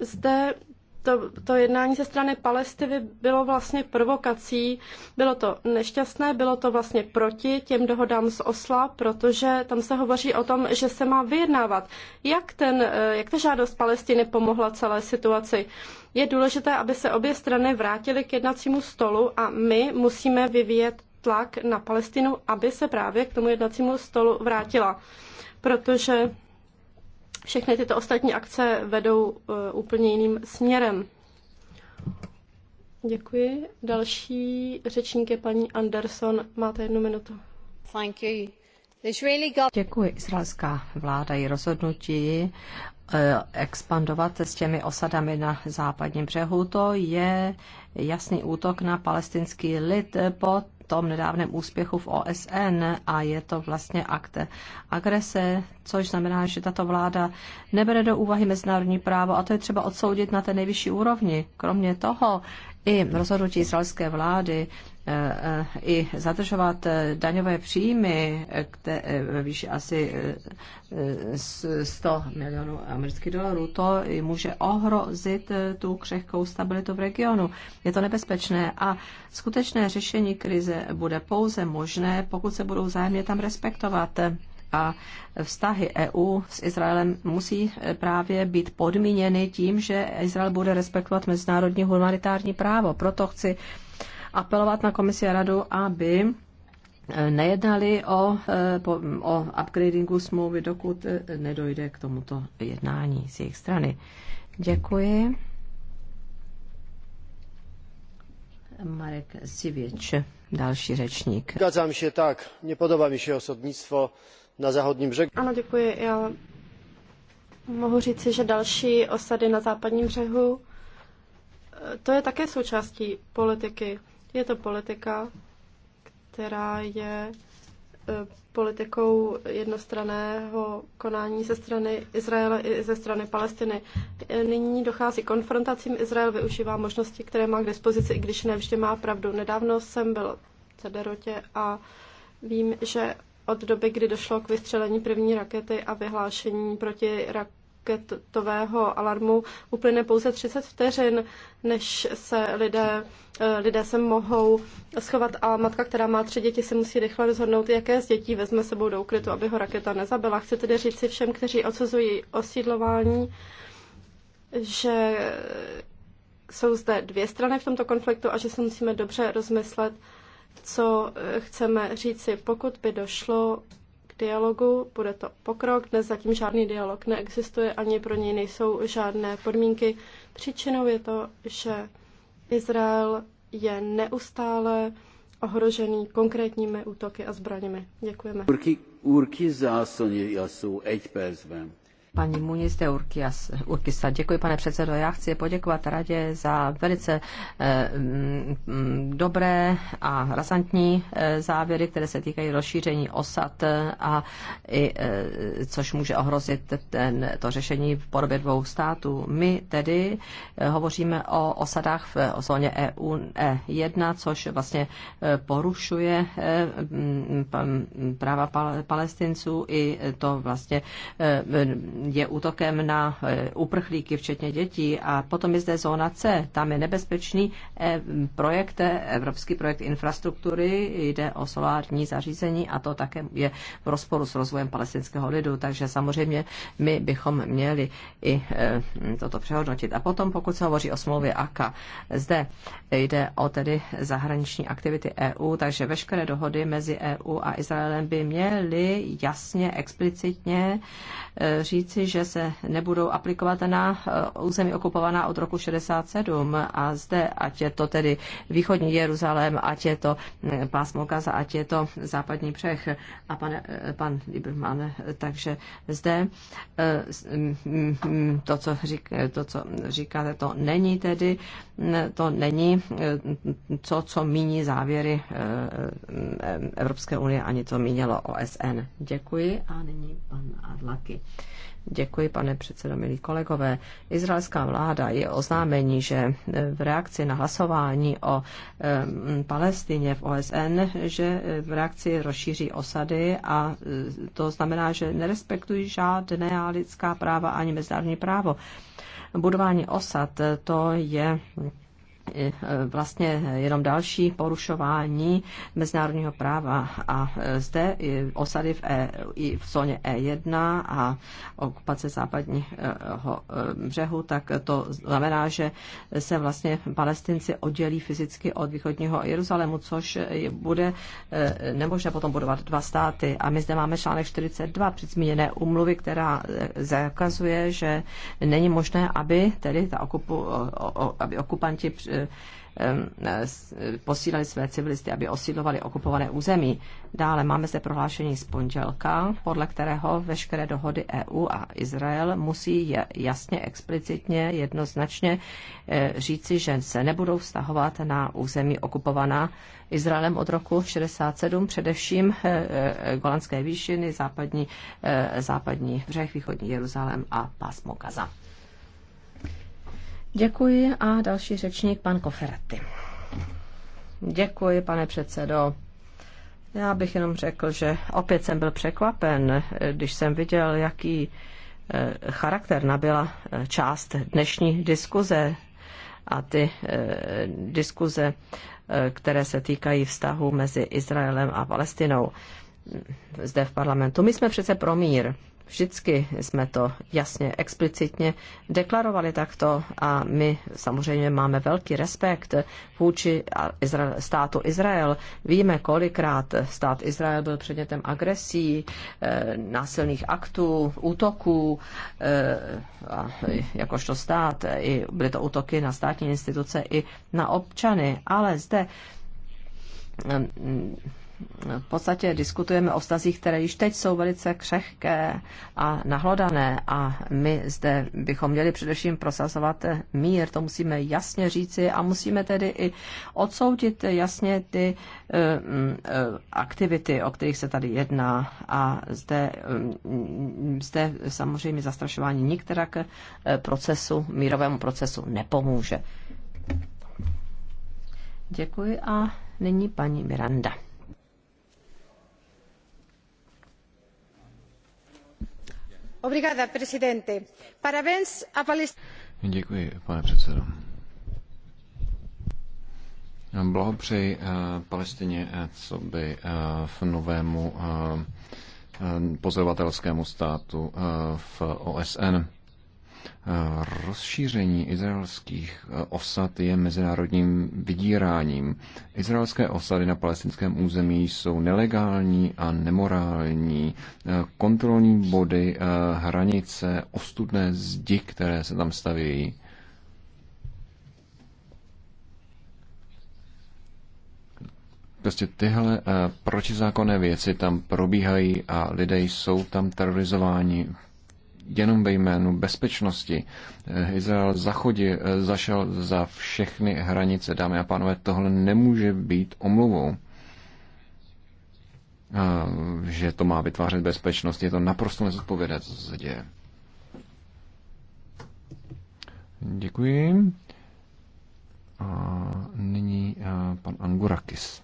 zde to, to jednání ze strany Palestiny bylo vlastně provokací, bylo to nešťastné, bylo to vlastně proti těm dohodám z Osla, protože tam se hovoří o tom, že se má vyjednávat. Jak, ten, eh, jak ta žádost Palestiny pomohla celé situaci? Je důležité, aby se obě strany vrátily k jednacímu stolu a my musíme vyvíjet tlak na Palestinu, aby se právě k tomu jednacímu stolu vrátila. Protože všechny tyto ostatní akce vedou e, úplně jiným směrem. Děkuji. Další řečník je paní Anderson. Máte jednu minutu. Thank you.
Děkuji. Izraelská vláda i rozhodnutí e, expandovat s těmi osadami na západním břehu, to je jasný útok na palestinský lid pod tom nedávném úspěchu v OSN a je to vlastně akt agrese, což znamená, že tato vláda nebere do úvahy mezinárodní právo a to je třeba odsoudit na té nejvyšší úrovni. Kromě toho i rozhodnutí izraelské vlády Eh, i zadržovat eh, daňové příjmy eh, ve výši asi 100 milionů amerických dolarů, to může ohrozit tu křehkou stabilitu v regionu. Je to nebezpečné a skutečné řešení krize bude pouze možné, pokud se budou zájemně tam respektovat a vztahy EU s Izraelem musí právě být podmíněny tím, že Izrael bude respektovat mezinárodní humanitární právo. Proto chci apelovat na komisi a radu, aby eh, nejednali o, eh, o upgradingu smlouvy, dokud eh, nedojde k tomuto jednání z jejich strany. Děkuji. Marek Sivěč, další řečník.
Zgadzám se tak, mě podobá mi se osobnictvo na záhodním břehu. Ano, děkuji. Já mohu říci, že další osady na západním břehu, to je také součástí politiky je to politika, která je e, politikou jednostraného konání ze strany Izraele i ze strany Palestiny. E, nyní dochází konfrontacím. Izrael využívá možnosti, které má k dispozici, i když ne vždy má pravdu. Nedávno jsem byl v Cederotě a vím, že od doby, kdy došlo k vystřelení první rakety a vyhlášení proti rak- raketového alarmu uplyne pouze 30 vteřin, než se lidé, eh, lidé se mohou schovat a matka, která má tři děti, se musí rychle rozhodnout, jaké z dětí vezme sebou do ukrytu, aby ho raketa nezabila. Chci tedy říct si všem, kteří odsuzují osídlování, že jsou zde dvě strany v tomto konfliktu a že se musíme dobře rozmyslet, co eh, chceme říci, pokud by došlo dialogu, bude to pokrok. Dnes zatím žádný dialog neexistuje, ani pro něj nejsou žádné podmínky. Příčinou je to, že Izrael je neustále ohrožený konkrétními útoky a zbraněmi. Děkujeme.
Urky, urky zásoně jsou 1 Paní
Muniz de Urkisa, děkuji pane předsedo. Já chci poděkovat radě za velice eh, mm, dobré a razantní eh, závěry, které se týkají rozšíření osad, eh, a i, což může ohrozit ten, to řešení v podobě dvou států. My tedy hovoříme o osadách v zóně EU E1, což vlastně porušuje mm, práva palestinců i to vlastně je útokem na eh, uprchlíky, včetně dětí. A potom je zde zóna C, tam je nebezpečný eh, projekt, eh, evropský projekt infrastruktury, jde o solární zařízení a to také je v rozporu s rozvojem palestinského lidu, takže samozřejmě my bychom měli i toto přehodnotit. A potom, pokud se hovoří o smlouvě AKA, zde jde o tedy zahraniční aktivity EU, takže veškeré dohody mezi EU a Izraelem by měly jasně, explicitně říct, říci, že se nebudou aplikovat na eh, území okupovaná od roku 67 a zde, ať je to tedy východní Jeruzalém, ať je to eh, pásmo Gaza, ať je to západní břeh a pan, eh, pan Lieberman. Takže zde mm, mm, mm, to, co, řík, to, co říkáte, to není tedy, to není co, co míní závěry Evropské unie, ani to mínělo OSN. Děkuji a nyní pan Adlaky. Děkuji, pane předsedo, milí kolegové. Izraelská vláda je oznámení, že eh, v reakci na hlasování o eh, Palestině v OSN, že eh, v reakci rozšíří osady a to znamená, že nerespektují žádné lidská práva ani mezinárodní právo. Budování osad to je E, vlastně jenom další porušování mezinárodního práva. A e, zde osady v, e, i v zóně E1 a okupace západního e, břehu, tak to znamená, že se vlastně palestinci oddělí fyzicky od východního Jeruzalému, což bude nemožné potom budovat dva státy. A my zde máme článek 42 předzmíněné umluvy, která zakazuje, že není možné, aby tedy ta okupu, aby okupanti Eh, posílali své civilisty, aby osídlovali okupované území. Dále máme zde prohlášení z pondělka, podle kterého veškeré dohody EU a Izrael musí jasně, explicitně, jednoznačně eh, říci, že se nebudou vztahovat na území okupovaná Izraelem od roku 67, především eh, Golanské výšiny, západní, západní břeh, východní Jeruzalém a pásmo Gaza. Děkuji a další řečník, pan Koferetti. Děkuji, pane předsedo. Já bych jenom řekl, že opět jsem byl překvapen, když jsem viděl, jaký eh, charakter nabyla eh, část dnešní diskuze a ty eh, diskuze, které se týkají vztahu mezi Izraelem a Palestinou mm, zde v parlamentu. My jsme přece pro mír Vždycky jsme to jasně, explicitně deklarovali takto a my samozřejmě máme velký respekt vůči státu Izrael. Víme, kolikrát stát Izrael byl předmětem agresí, eh, násilných aktů, útoků, eh, jakožto stát. Eh, I byly to útoky na státní instituce i na občany, ale zde v podstatě diskutujeme o vztazích, které již teď jsou velice křehké a nahlodané a my zde bychom měli především prosazovat mír, to musíme jasně říci a musíme tedy i odsoudit jasně ty eh, mm, eh, aktivity, o kterých se tady jedná a zde, mm, zde samozřejmě zastrašování nikterak eh, procesu, mírovému procesu nepomůže. Děkuji a nyní paní Miranda.
Děkuji, pane předsedo. Blahopřeji eh, Palestině eh, co by eh, v novému pozorovatelskému státu v OSN. Rozšíření izraelských eh, osad je mezinárodním vydíráním. Izraelské osady na palestinském území jsou nelegální a nemorální. Eh, kontrolní body, eh, hranice, ostudné zdi, které se tam stavějí. Prostě tyhle protizákonné věci tam probíhají a lidé jsou tam terorizováni jenom ve jménu bezpečnosti. Eh, Izrael zachodil, eh, zašel za všechny hranice. Dámy a pánové, tohle nemůže být omluvou eh, že to má vytvářet bezpečnost. Je to naprosto nezodpovědné, co se děje. Děkuji. A nyní pan Angurakis.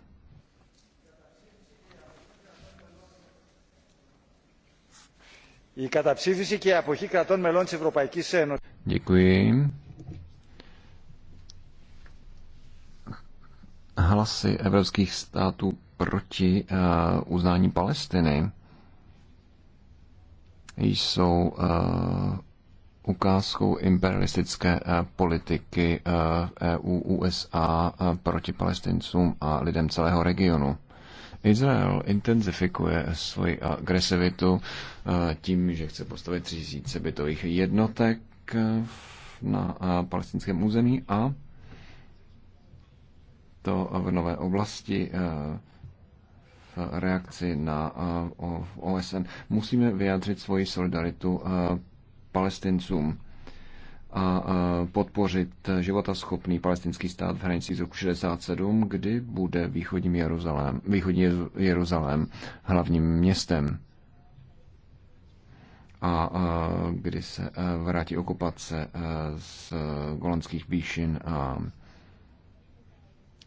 η καταψήφιση και η αποχή κρατών μελών της Ευρωπαϊκής Ένωσης. Děkuji. Hlasy evropských států proti uh, uznání Palestiny jsou uh, ukázkou imperialistické uh, politiky uh, EU, USA uh, proti palestincům a lidem celého regionu. Izrael intenzifikuje svoji agresivitu eh, tím, že chce postavit 3000 bytových jednotek eh, na eh, palestinském území a to v nové oblasti v reakci na OSN. Musíme vyjádřit svoji solidaritu palestincům a podpořit životaschopný palestinský stát v hranicích z roku 67, kdy bude východní Jeruzalém, východní Jeruzalém hlavním městem a kdy se e, vrátí okupace e, z golandských výšin a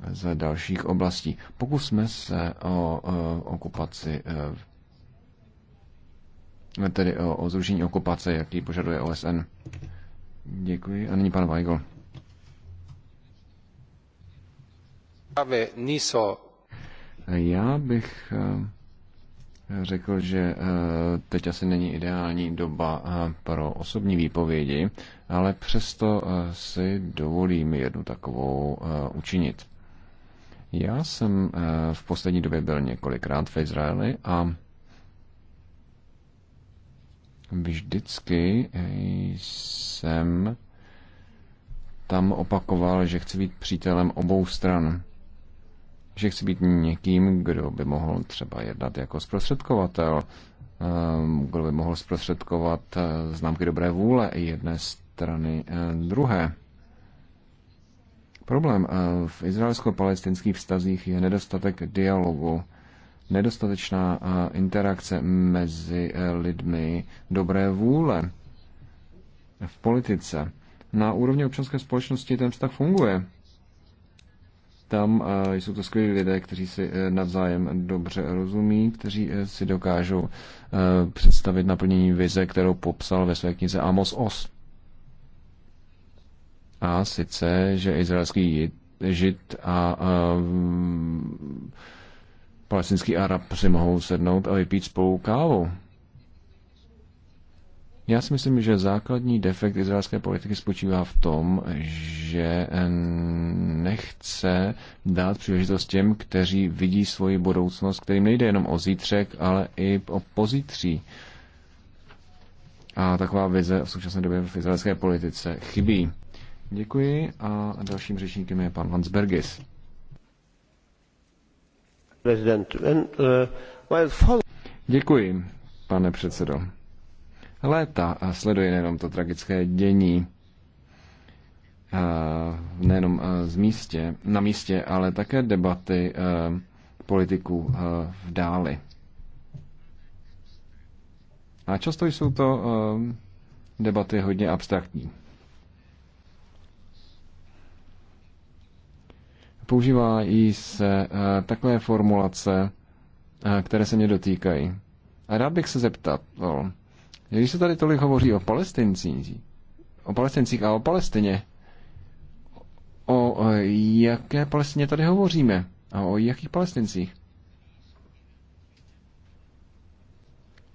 ze dalších oblastí. Pokusme se o e, okupaci tedy o, o zrušení okupace, jaký požaduje OSN. Děkuji. A nyní pan Weigl. Já bych eh, řekl, že eh, teď asi není ideální doba eh, pro osobní výpovědi, ale přesto si dovolím jednu takovou učinit. Já jsem v poslední době byl několikrát v Izraeli a Vždycky eh, jsem tam opakoval, že chci být přítelem obou stran. Že chci být někým, kdo by mohl třeba jednat jako zprostředkovatel, ehm, kdo by mohl zprostředkovat eh, známky dobré vůle jedné strany eh, druhé. Problém v izraelsko-palestinských vztazích je nedostatek dialogu nedostatečná interakce mezi e, lidmi dobré vůle v politice. Na úrovni občanské společnosti ten vztah funguje. Tam e, jsou to skvělí lidé, kteří si e, navzájem dobře rozumí, kteří si dokážou představit naplnění vize, kterou popsal ve své knize Amos Os. A sice, že izraelský žid a, a palestinský Arab si mohou sednout a vypít spolu kávu. Já si myslím, že základní defekt izraelské politiky spočívá v tom, že nechce dát příležitost těm, kteří vidí svoji budoucnost, kterým nejde jenom o zítřek, ale i o pozítří. A taková vize v současné době v izraelské politice chybí. Děkuji a dalším řečníkem je pan Hans Bergis. Uh, Děkuji, pane předsedo. Léta a sleduje nejenom to tragické dění, uh, nejenom uh, z místě, na místě, ale také debaty politiků v dáli. A často jsou to debaty hodně abstraktní. Používá i se eh, takové formulace, eh, které se mě dotýkají. A rád bych se zeptal, no, když se tady tolik hovoří o palestincích, o palestincích a o Palestině, o jaké Palestině tady hovoříme a o jakých palestincích?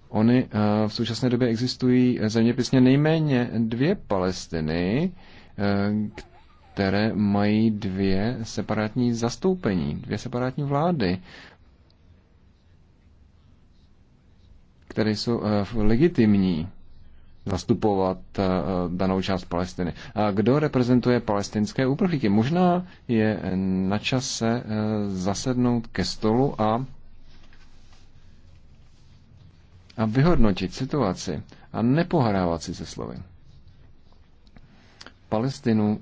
Ony eh, v současné době existují zeměpisně nejméně dvě Palestiny, které mají dvě separátní zastoupení, dvě separátní vlády, které jsou eh, legitimní zastupovat eh, danou část Palestiny. A kdo reprezentuje palestinské úprchlíky? Možná je na čase eh, zasednout ke stolu a a vyhodnotit situaci a nepohrávat si se slovy. Palestinu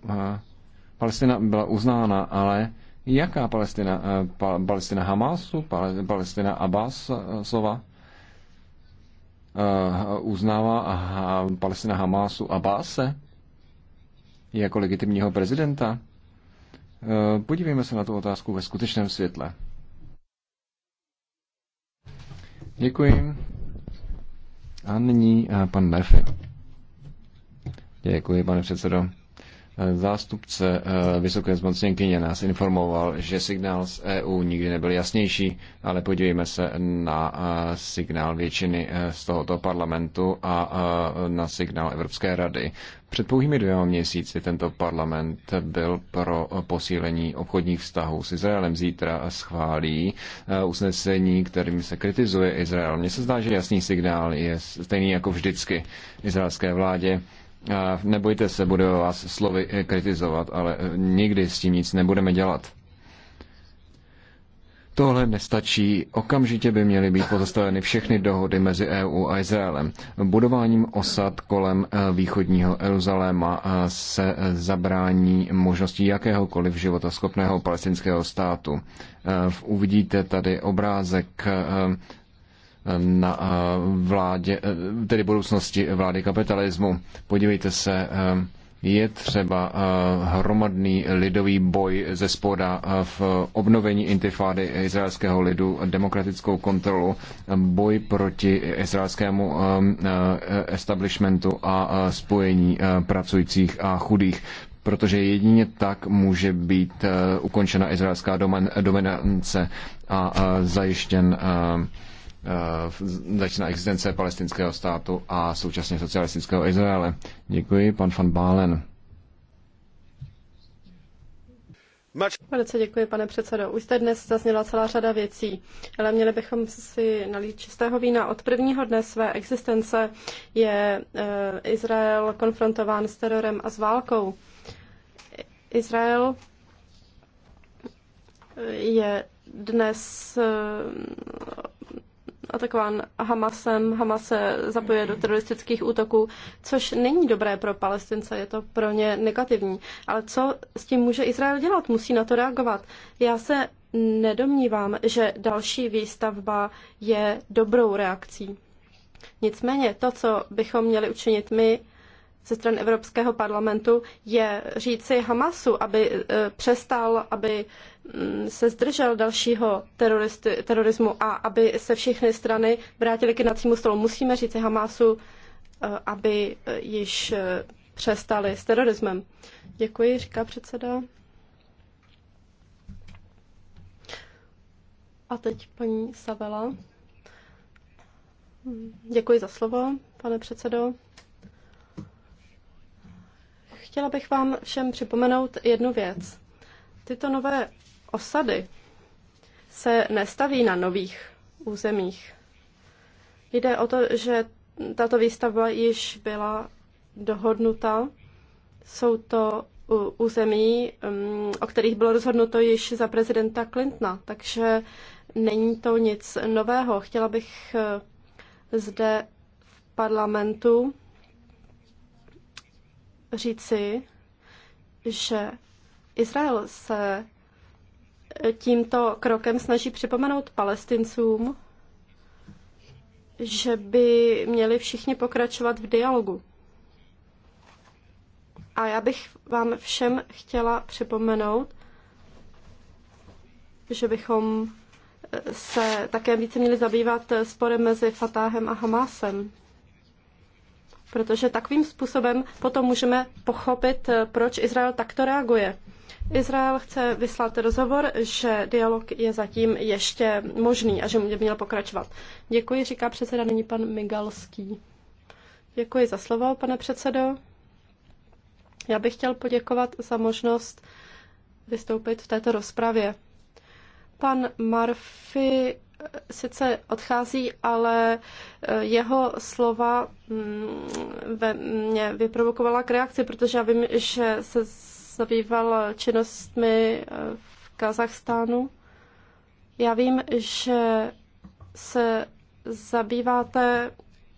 Palestina byla uznána, ale jaká Palestina? Eh, Palestina Hamasu? Palestina Abbasova eh, Uznává Palestina Hamasu Abbase jako legitimního prezidenta? Eh, podívejme se na tu otázku ve skutečném světle. Děkuji. A nyní pan Murphy. Děkuji, pane předsedo. Zástupce eh, vysoké zmocněnkyně nás informoval, že signál z EU nikdy nebyl jasnější, ale podívejme se na eh, signál většiny eh, z tohoto parlamentu a na signál Evropské rady. Před pouhými dvěma měsíci tento parlament byl pro posílení obchodních vztahů s Izraelem. Zítra schválí usnesení, kterým se kritizuje Izrael. Mně se zdá, že jasný signál je stejný jako vždycky izraelské vládě Nebojte se, budu vás slovy eh, kritizovat, ale eh, nikdy s tím nic nebudeme dělat. Tohle nestačí. Okamžitě by měly být pozastaveny všechny dohody mezi EU a Izraelem. Budováním osad kolem eh, východního Jeruzaléma se zabrání možností jakéhokoliv schopného palestinského státu. Uvidíte tady obrázek na eh, vládě, eh, tedy budoucnosti vlády kapitalismu. Podívejte se, eh, je třeba hromadný lidový boj ze spoda v obnovení intifády izraelského lidu, demokratickou kontrolu, boj proti izraelskému establishmentu a spojení pracujících a chudých protože jedině tak může být ukončena izraelská domen dominance a zajištěn Eh, začíná existence palestinského státu a současně socialistického Izraele. Děkuji, pan van Bálen.
Velice děkuji, pane předsedo. Už jste dnes zazněla celá řada věcí, ale měli bychom si nalít čistého vína. Od prvního dne své existence je eh, Izrael konfrontován s terorem a s válkou. Izrael eh, je dnes atakován Hamasem, Hamas se zapojuje do teroristických útoků, což není dobré pro Palestince, je to pro ně negativní. Ale co s tím může Izrael dělat? Musí na to reagovat. Já se nedomnívám, že další výstavba je dobrou reakcí. Nicméně to, co bychom měli učinit my, ze strany Evropského parlamentu je říci Hamasu, aby e, přestal, aby mm, se zdržel dalšího terorismu a aby se všechny strany vrátily k jednacímu stolu. Musíme říci Hamasu, e, aby e, již přestali s terorismem. Děkuji, říká předseda. A teď paní Savela. Děkuji za slovo, pane předsedo. Chtěla bych vám všem připomenout jednu věc. Tyto nové osady se nestaví na nových územích. Jde o to, že tato výstavba již byla dohodnuta. Jsou to území, um, o kterých bylo rozhodnuto již za prezidenta Clintona, takže není to nic nového. Chtěla bych eh, zde v parlamentu říci, že Izrael se tímto krokem snaží připomenout palestincům, že by měli všichni pokračovat v dialogu. A já bych vám všem chtěla připomenout, že bychom se také více měli zabývat sporem mezi Fatáhem a Hamásem protože takovým způsobem potom můžeme pochopit, eh, proč Izrael takto reaguje. Izrael chce vyslat rozhovor, že dialog je zatím ještě možný a že by měl pokračovat. Děkuji, říká předseda, nyní pan Migalský. Děkuji za slovo, pane předsedo. Já bych chtěl poděkovat za možnost vystoupit v této rozpravě. Pan Murphy sice odchází, ale eh, jeho slova mm, ve mě vyprovokovala k reakci, protože já vím, že se zabýval činnostmi eh, v Kazachstánu. Já vím, že se zabýváte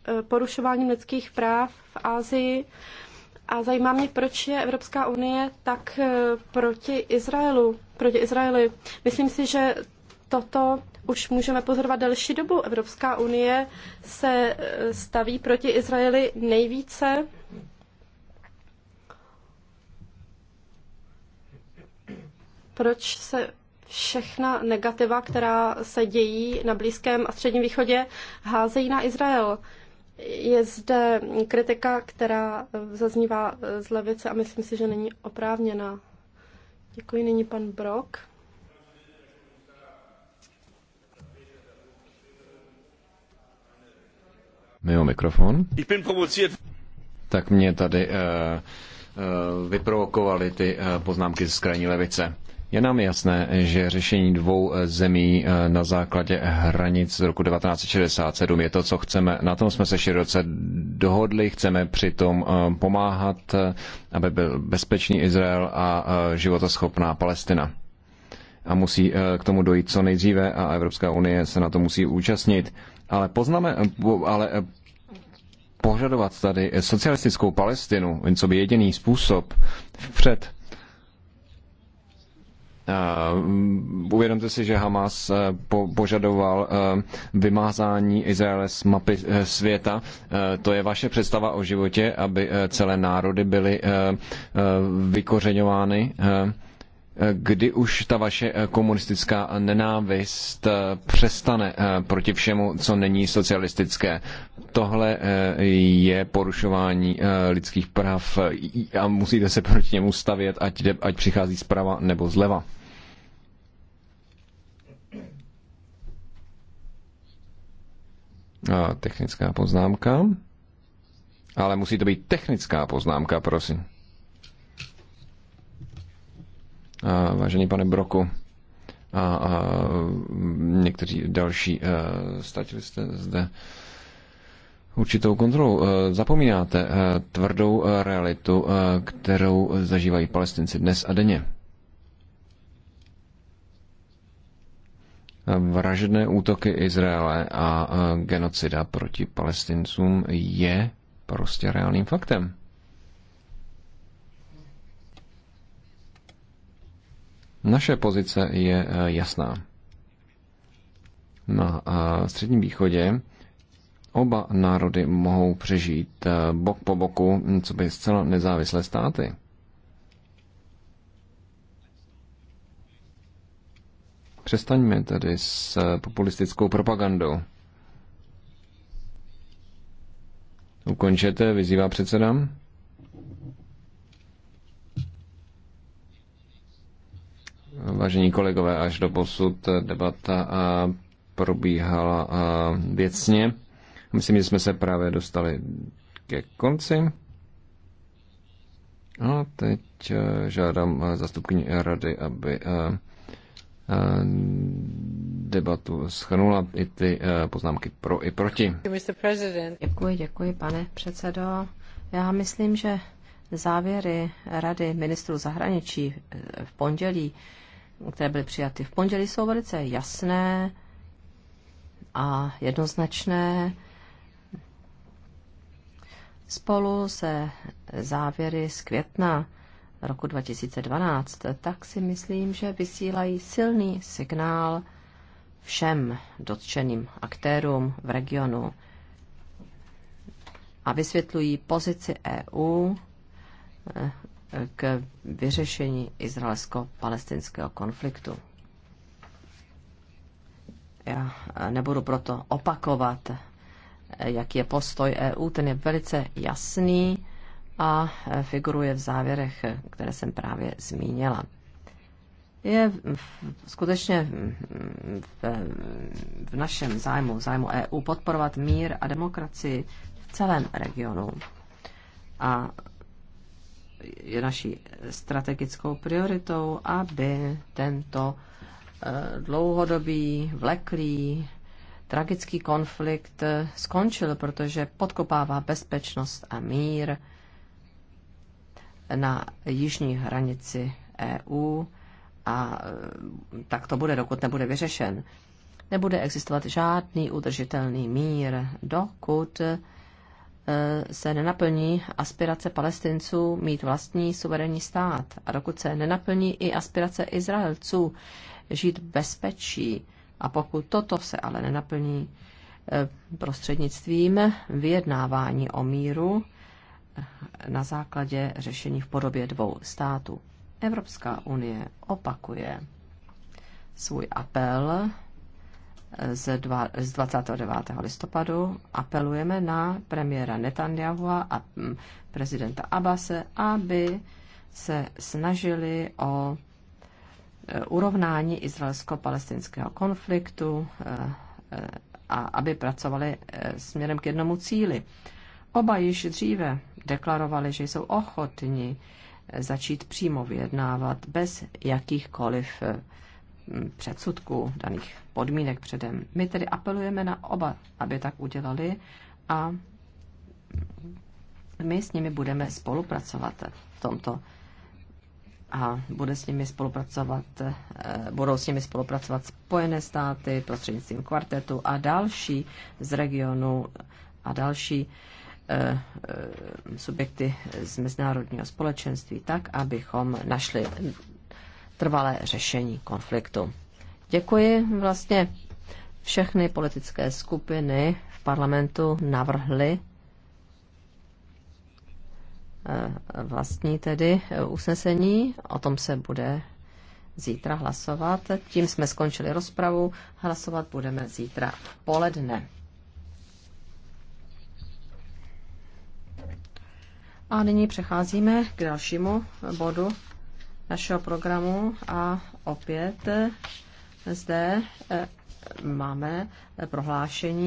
eh, porušováním lidských práv v Ázii a zajímá mě, proč je Evropská unie tak proti Izraelu, proti Izraeli. Myslím si, že toto už můžeme pozorovat delší dobu. Evropská unie se eh, staví proti Izraeli nejvíce. Proč se všechna negativa, která se dějí na Blízkém a Středním východě, házejí na Izrael? Je zde kritika, která eh, zaznívá eh, z levice a myslím si, že není oprávněná. Děkuji, nyní pan Brok.
Mimo mikrofon. Tak mě tady uh, uh, vyprovokovaly ty uh, poznámky z krajní levice. Je nám jasné, že řešení dvou zemí na základě hranic z roku 1967 je to, co chceme. Na tom jsme se široce dohodli, chceme přitom pomáhat, aby byl bezpečný Izrael a životoschopná Palestina a musí eh, k tomu dojít co nejdříve a Evropská unie se na to musí účastnit. Ale poznáme, eh, ale eh, požadovat tady socialistickou Palestinu, co by jediný způsob Uh, Uvědomte si, že Hamas požadoval vymázání Izraele z mapy světa. To je vaše představa o životě, aby celé národy byly vykořeňovány kdy už ta vaše eh, komunistická nenávist eh, přestane eh, proti všemu, co není socialistické. Tohle je porušování lidských práv a musíte se proti němu stavět, ať, jde, ať přichází zprava nebo zleva. A technická poznámka. Ale musí to být technická poznámka, prosím vážený pane Broku a, a někteří další, ztratili jste zde určitou kontrolu. Zapomínáte tvrdou realitu, kterou zažívají palestinci dnes a denně. Vražedné útoky Izraele a genocida proti palestincům je prostě reálným faktem. Naše pozice je eh, jasná. Na eh, Středním východě oba národy mohou přežít eh, bok po boku, co by zcela nezávislé státy. Přestaňme tedy s populistickou propagandou. Ukončete, vyzývá předsedám. Vážení kolegové, až do posud debata probíhala věcně. Myslím, že jsme se právě dostali ke konci. A teď e, žádám e, zastupkyni rady, aby e, debatu schrnula i ty poznámky pro i proti.
Děkuji, děkuji, pane předsedo. Já myslím, že závěry Rady ministrů zahraničí v pondělí které byly přijaty v pondělí, jsou velice jasné a jednoznačné. Spolu se závěry z května roku 2012, tak si myslím, že vysílají silný signál všem dotčeným aktérům v regionu a vysvětlují pozici EU eh, k vyřešení izraelsko-palestinského konfliktu. Já nebudu proto opakovat, jaký je postoj EU, ten je velice jasný a figuruje v závěrech, které jsem právě zmínila. Je skutečně v našem zájmu, v zájmu EU, podporovat mír a demokracii v celém regionu. A je naší strategickou prioritou, aby tento eh, dlouhodobý, vleklý, tragický konflikt eh, skončil, protože podkopává bezpečnost a mír na jižní hranici EU a eh, tak to bude, dokud nebude vyřešen. Nebude existovat žádný udržitelný mír, dokud Eh, se nenaplní aspirace palestinců mít vlastní suverénní stát a dokud se nenaplní i aspirace Izraelců žít bezpečí a pokud toto se ale nenaplní eh, prostřednictvím vyjednávání o míru eh, na základě řešení v podobě dvou států. Evropská unie opakuje svůj apel z, 29. listopadu apelujeme na premiéra Netanyahua a mm, prezidenta Abase, aby se snažili o e, urovnání izraelsko-palestinského konfliktu e, e, a aby pracovali směrem k jednomu cíli. Oba již dříve deklarovali, že jsou ochotni začít přímo vyjednávat bez jakýchkoliv předsudků daných podmínek předem. My tedy apelujeme na oba, aby tak udělali a my s nimi budeme spolupracovat v tomto a bude s nimi spolupracovat, eh, budou s nimi spolupracovat Spojené státy prostřednictvím kvartetu a další z regionu a další eh, subjekty z mezinárodního společenství tak, abychom našli trvalé řešení konfliktu. Děkuji. Vlastně všechny politické skupiny v parlamentu navrhly eh, vlastní tedy eh, usnesení. O tom se bude zítra hlasovat. Tím jsme skončili rozpravu. Hlasovat budeme zítra poledne. A nyní přecházíme k dalšímu bodu našeho programu a opět zde eh, máme prohlášení